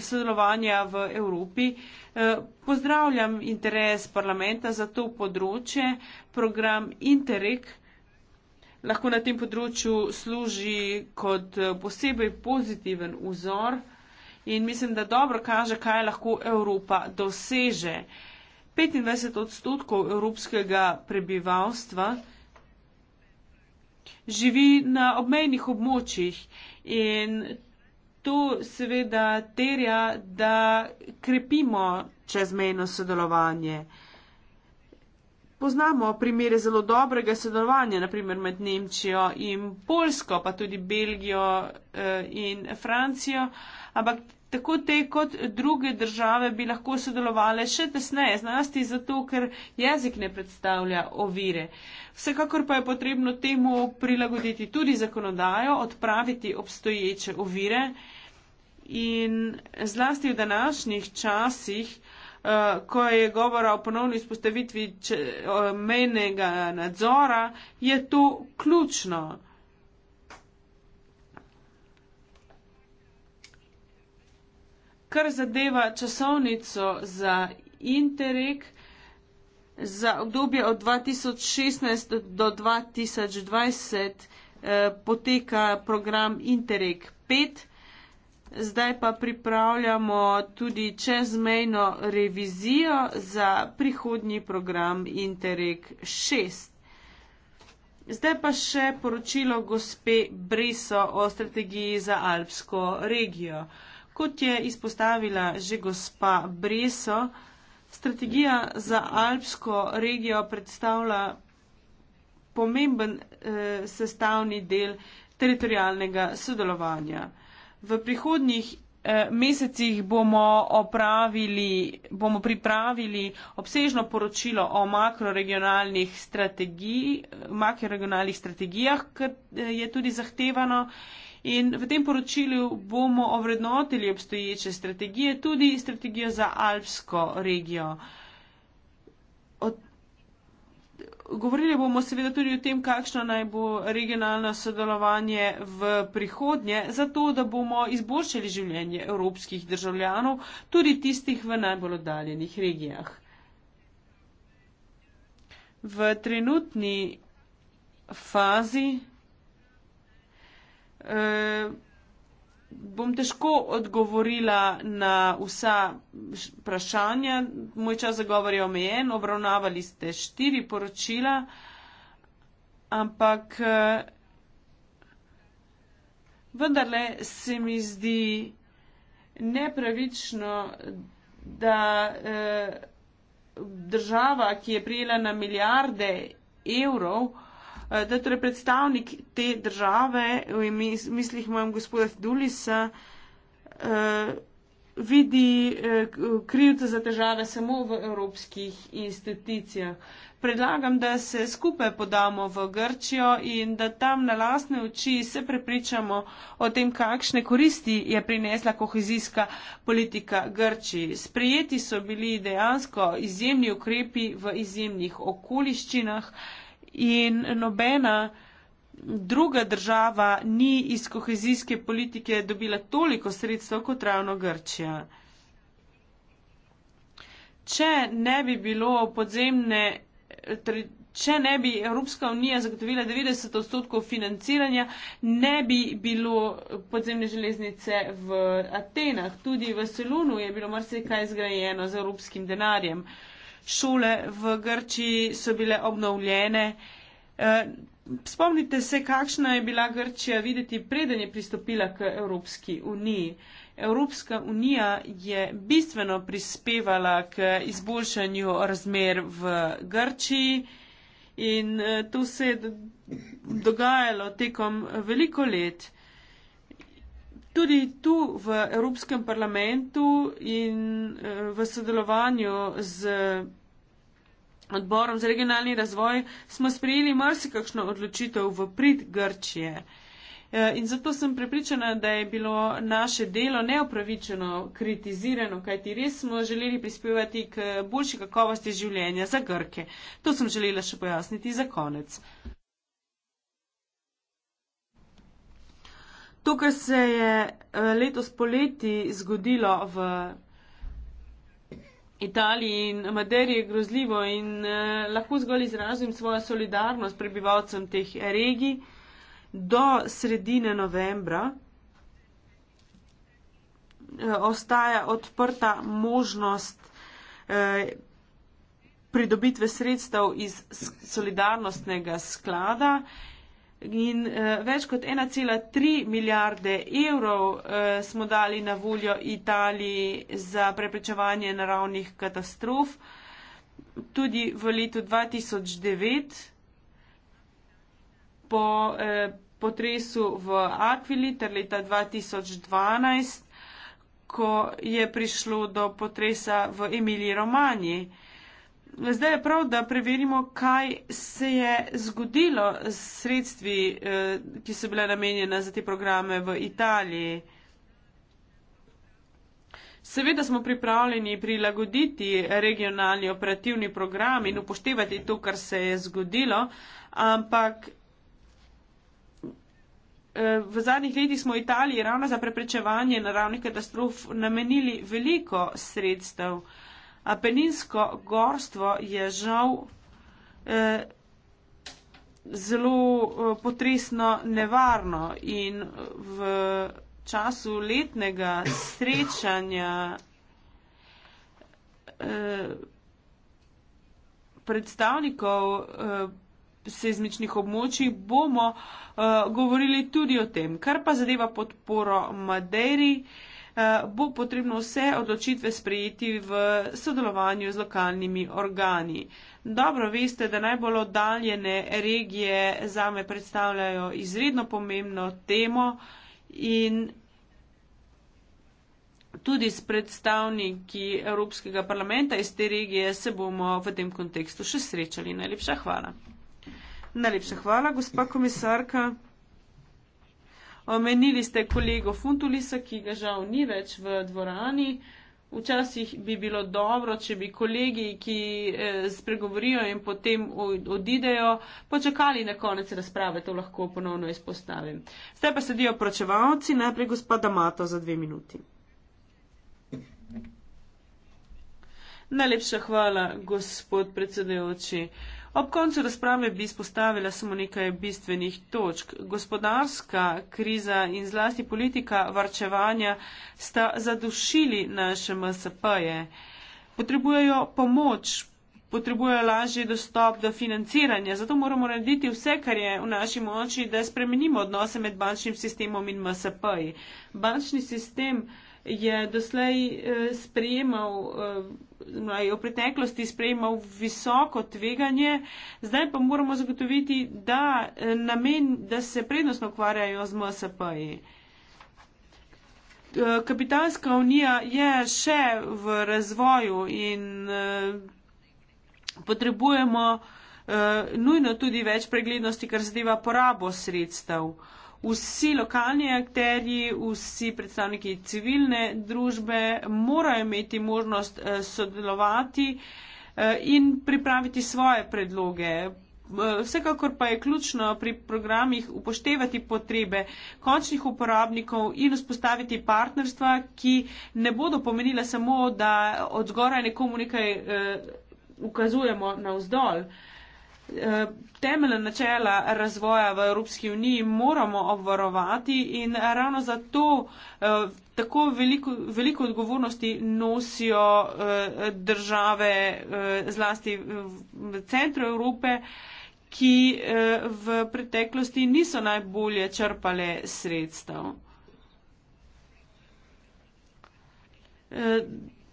sodelovanja v Evropi. Eh, pozdravljam interes parlamenta za to področje, program Interreg lahko na tem področju služi kot eh, posebej pozitiven vzor in mislim, da dobro kaže, kaj lahko Evropa doseže. 25 odstotkov evropskega prebivalstva živi na obmejnih območjih in to seveda terja, da krepimo čezmejno sodelovanje. Poznamo primere zelo dobrega sodelovanja, naprimer med Nemčijo in Polsko, pa tudi Belgijo eh, in Francijo, ampak tako te kot druge države bi lahko sodelovali še tesneje, znasti zato, ker jezik ne predstavlja ovire. Vsekakor pa je potrebno temu prilagoditi tudi zakonodajo, odpraviti obstoječe ovire in zlasti v današnjih časih uh, ko je govora o ponovni izpostavitvi če, uh, mejnega nadzora, je to ključno. Kar zadeva časovnico za Interreg za obdobje od 2016 do 2020 eh, poteka program Interreg 5. Zdaj pa pripravljamo tudi čezmejno revizijo za prihodnji program Interreg 6. Zdaj pa še poročilo gospe Briso o strategiji za alpsko regijo. Kot je izpostavila že gospa Briso, strategija za alpsko regijo predstavlja pomemben eh, sestavni del teritorijalnega sodelovanja. V prihodnjih eh, mesecih bomo, opravili, bomo pripravili obsežno poročilo o makroregionalnih, strategij, makroregionalnih strategijah, kar eh, je tudi zahtevano. In v tem poročilu bomo ovrednotili obstoječe strategije, tudi strategijo za alpsko regijo. Govorili bomo seveda tudi o tem, kakšno naj bo regionalno sodelovanje v prihodnje, zato da bomo izboljšali življenje evropskih državljanov, tudi tistih v najbolj oddaljenih regijah. V trenutni fazi eh, bom težko odgovorila na vsa vprašanja. Moj čas za govor je omejen, obravnavali ste štiri poročila, ampak eh, vendarle se mi zdi nepravično, da eh, država, ki je prijela na milijarde evrov, Eh, da torej predstavnik te države, v mislih mojem gospoda Fidulisa, eh, vidi eh, krivce za težave samo v evropskih institucijah. Predlagam, da se skupaj podamo v Grčijo in da tam na lasne oči se prepričamo o tem, kakšne koristi je prinesla kohezijska politika Grčiji. Sprijeti so bili dejansko izjemni ukrepi v izjemnih okoliščinah in nobena druga država ni iz kohezijske politike dobila toliko sredstev kot ravno Grčija. Če ne bi bilo podzemne, torej, če ne bi Evropska unija zagotovila 90 odstotkov financiranja, ne bi bilo podzemne železnice v Atenah. Tudi v Selunu je bilo marsikaj zgrajeno z evropskim denarjem. Uh, šole v Grčiji so bile obnovljene. Eh, spomnite se, kakšna je bila Grčija videti, preden je pristopila k Evropski uniji. Evropska unija je bistveno prispevala k izboljšanju razmer v Grčiji in eh, to se je dogajalo tekom veliko let. Tudi tu v Evropskem parlamentu in eh, v sodelovanju z odborom za regionalni razvoj smo sprejeli marsikakšno odločitev v prid Grčije. Eh, in zato sem prepričana, da je bilo naše delo neopravičeno kritizirano, kajti res smo želeli prispevati k boljši kakovosti življenja za Grke. To sem želela še pojasniti za konec. to, kar se je eh, letos poleti zgodilo v Italiji in Maderi, je grozljivo in eh, lahko zgolj izrazim svojo solidarnost prebivalcem teh regij do sredine novembra. Eh, ostaja odprta možnost eh, pridobitve sredstev iz solidarnostnega sklada, In uh, več kot 1,3 milijarde evrov uh, smo dali na voljo Italiji za preprečevanje naravnih katastrof. Tudi v letu 2009 po uh, potresu v Akvili ter leta 2012, ko je prišlo do potresa v Emiliji Romaniji. Zdaj je prav, da preverimo, kaj se je zgodilo s sredstvi, eh, ki so bile namenjene za te programe v Italiji. Seveda smo pripravljeni prilagoditi regionalni operativni program in upoštevati to, kar se je zgodilo, ampak. Eh, v zadnjih letih smo v Italiji ravno za preprečevanje naravnih katastrof namenili veliko sredstev. Apeninsko gorstvo je žal eh, zelo eh, potresno nevarno in v času letnega srečanja eh, predstavnikov eh, sezmičnih območij bomo uh, govorili tudi o tem. Kar pa zadeva podporo Madeiri, uh, Eh, bo potrebno vse odločitve sprejeti v sodelovanju z lokalnimi organi. Dobro veste, da najbolj oddaljene regije zame predstavljajo izredno pomembno temo in tudi s predstavniki Evropskega parlamenta iz te regije se bomo v tem kontekstu še srečali. Najlepša hvala. Najlepša hvala, gospa komisarka. Omenili ste kolego Funtulisa, ki ga žal ni več v dvorani. Včasih bi bilo dobro, če bi kolegi, ki eh, spregovorijo in potem odidejo, počakali na konec razprave, to lahko ponovno izpostavim. Zdaj pa sedijo pročevalci, najprej gospoda Mato za dve minuti. Najlepša hvala, gospod predsedujoči. Uh, Ob koncu razprave bi izpostavila samo nekaj bistvenih točk. Gospodarska kriza in zlasti politika varčevanja sta zadušili naše MSP-je. Potrebujejo pomoč, potrebujejo lažji dostop do financiranja, zato moramo narediti vse, kar je v naši moči, da spremenimo odnose med bančnim sistemom in MSP-ji. Bančni sistem. -ji je doslej eh, sprejemal, je eh, v preteklosti sprejemal visoko tveganje, zdaj pa moramo zagotoviti, da, eh, namen, da se prednostno ukvarjajo z MSP-ji. Kapitalska unija je še v razvoju in potrebujemo nujno tudi več preglednosti, kar zadeva porabo sredstev vsi lokalni akterji, vsi predstavniki civilne družbe morajo imeti možnost eh, sodelovati eh, in pripraviti svoje predloge. Eh, vsekakor pa je ključno pri programih upoštevati potrebe končnih uporabnikov in vzpostaviti partnerstva, ki ne bodo pomenila samo, da od zgoraj nekomu nekaj ukazujemo na vzdolj. Eh, temeljna načela razvoja v Evropski uniji moramo obvarovati in ravno zato eh, tako veliko, veliko odgovornosti nosijo eh, države, zlasti v centru Evrope, ki v preteklosti niso najbolje črpale sredstev.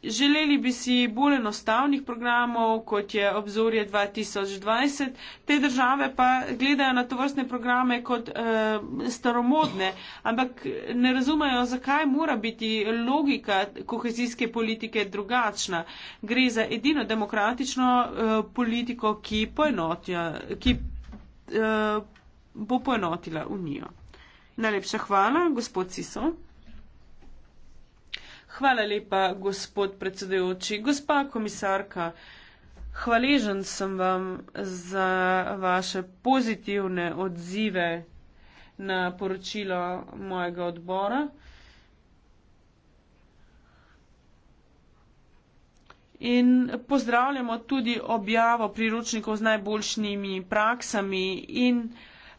Želeli bi si bolj enostavnih programov, kot je obzorje 2020. Te države pa gledajo na to vrstne programe kot eh, staromodne, ampak ne razumejo, zakaj mora biti logika kohezijske politike drugačna. Gre za edino demokratično eh, politiko, ki, ki eh, bo poenotila Unijo. Najlepša hvala, gospod Siso. Hvala lepa, gospod predsedujoči. Gospa komisarka, hvaležen sem vam za vaše pozitivne odzive na poročilo mojega odbora. In pozdravljamo tudi objavo priročnikov z najboljšnjimi praksami in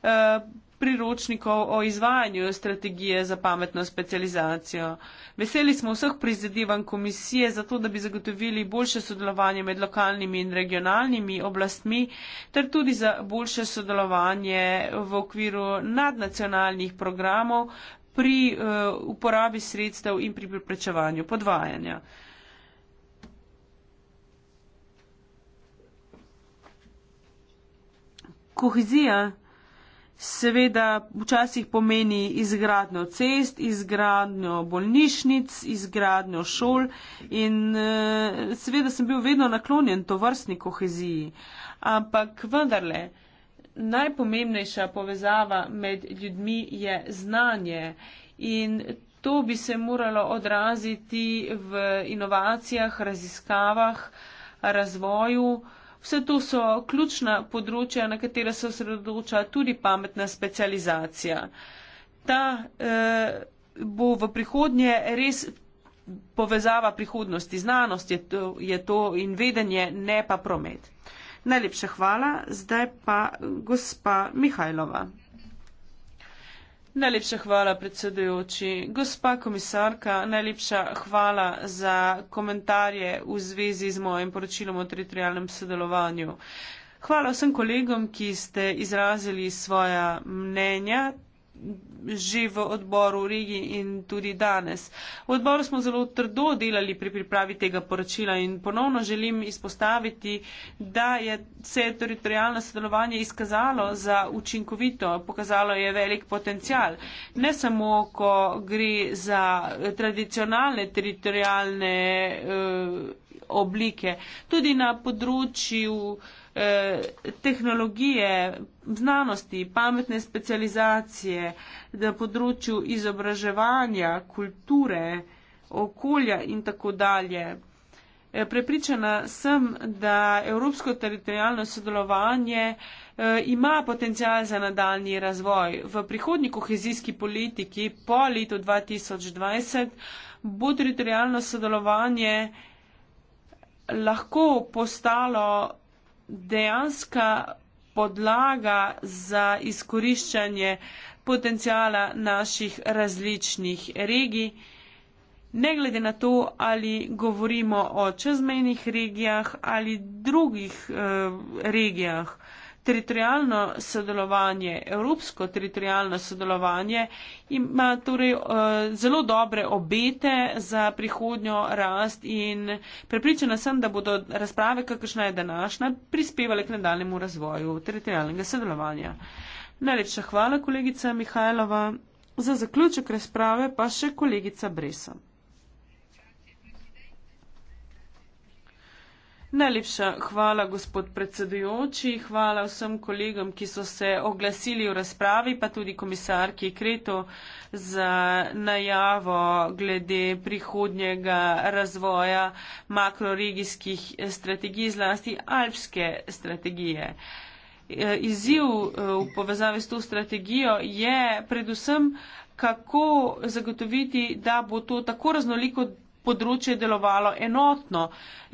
eh, priročnikov o izvajanju strategije za pametno specializacijo. Veseli smo vseh prizadevanj komisije za to, da bi zagotovili boljše sodelovanje med lokalnimi in regionalnimi oblastmi, ter tudi za boljše sodelovanje v okviru nadnacionalnih programov pri uh, uporabi sredstev in pri preprečevanju podvajanja. Kohezija seveda včasih pomeni izgradnjo cest, izgradnjo bolnišnic, izgradnjo šol in eh, seveda sem bil vedno naklonjen to vrstni koheziji. Ampak vendarle, najpomembnejša povezava med ljudmi je znanje in to bi se moralo odraziti v inovacijah, raziskavah, razvoju. Vse to so ključna področja, na katera se osredotoča tudi pametna specializacija. Ta eh, bo v prihodnje res povezava prihodnosti. Znanost je to, je to in vedenje, ne pa promet. Najlepša hvala. Zdaj pa gospa Mihajlova. Najlepša hvala, predsedujoči. Gospa komisarka, najlepša hvala za komentarje v zvezi z mojim poročilom o teritorijalnem sodelovanju. Hvala vsem kolegom, ki ste izrazili svoja mnenja že v odboru v regiji in tudi danes. V odboru smo zelo trdo delali pri pripravi tega poročila in ponovno želim izpostaviti, da je se teritorijalno sodelovanje izkazalo za učinkovito, pokazalo je velik potencial. Ne samo, ko gre za tradicionalne teritorijalne eh, oblike, tudi na področju eh, Eh, tehnologije, znanosti, pametne specializacije, na področju izobraževanja, kulture, okolja in tako dalje. Eh, prepričana sem, da evropsko teritorijalno sodelovanje eh, ima potencial za nadaljni razvoj. V prihodnji kohezijski politiki po letu 2020 bo teritorijalno sodelovanje lahko postalo dejanska podlaga za izkoriščanje potencijala naših različnih regij. Ne glede na to, ali govorimo o čezmejnih regijah ali drugih eh, regijah, teritorijalno sodelovanje, evropsko teritorijalno sodelovanje ima torej eh, zelo dobre obete za prihodnjo rast in prepričana sem, da bodo razprave, kakršna je današnja, prispevale k nadaljemu razvoju teritorijalnega sodelovanja. Najlepša hvala, kolegica Mihajlova. Za zaključek razprave pa še kolegica Bresa. Najlepša hvala, gospod predsedujoči, hvala vsem kolegom, ki so se oglasili v razpravi, pa tudi komisarki Kreto za najavo glede prihodnjega razvoja makroregijskih strategij, zlasti alpske strategije. Izziv eh, v povezavi s to strategijo je predvsem, kako zagotoviti, da bo to tako raznoliko področje delovalo enotno.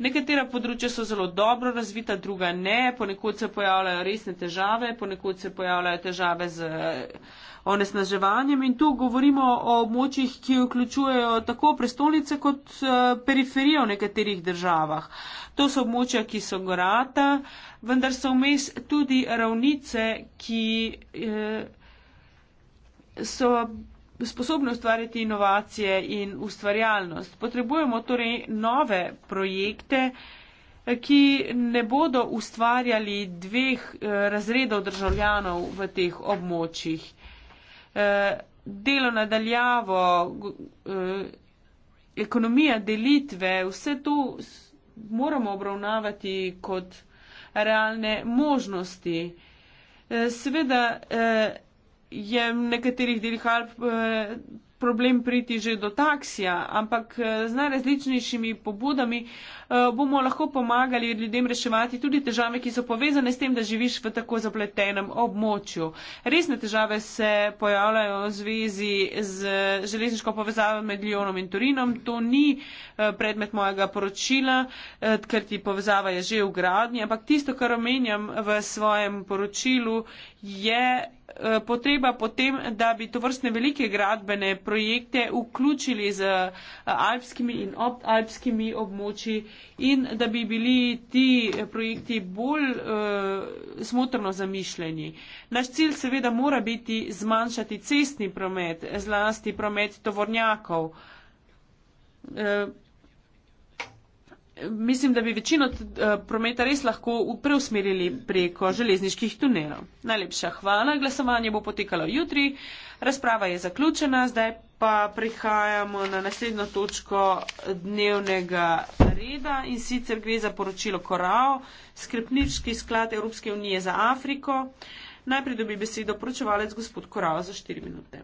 Nekatera področja so zelo dobro razvita, druga ne, ponekod se pojavljajo resne težave, ponekod se pojavljajo težave z eh, onesnaževanjem in tu govorimo o območjih, ki vključujejo tako prestolnice kot eh, periferijo v nekaterih državah. To so območja, ki so gorata, vendar so vmes tudi ravnice, ki eh, so sposobni ustvarjati inovacije in ustvarjalnost. Potrebujemo torej nove projekte, ki ne bodo ustvarjali dveh eh, razredov državljanov v teh območjih. Eh, delo nadaljavo, eh, ekonomija delitve, vse to moramo obravnavati kot realne možnosti. Seveda, je v nekaterih delih Alp eh, problem priti že do taksija, ampak eh, z najrazličnejšimi pobudami Eh, bomo lahko pomagali ljudem reševati tudi težave, ki so povezane s tem, da živiš v tako zapletenem območju. Resne težave se pojavljajo v zvezi z železniško povezavo med Lijonom in Turinom. To ni eh, predmet mojega poročila, eh, ker ti povezava je že v gradnji, ampak tisto, kar omenjam v svojem poročilu, je potreba potem, da bi to vrstne velike gradbene projekte vključili z alpskimi in obalpskimi območji in da bi bili ti projekti bolj uh, smotrno zamišljeni. Naš cilj seveda mora biti zmanjšati cestni promet, zlasti promet tovornjakov. Uh, mislim, da bi večino uh, prometa res lahko preusmerili preko železniških tunelov. Najlepša hvala, glasovanje bo potekalo jutri, razprava je zaključena, zdaj pa prihajamo na naslednjo točko dnevnega reda in sicer gre za poročilo Korao, skrpnički sklad Evropske unije za Afriko. Najprej dobi besedo poročevalec gospod Korao za 4 minute.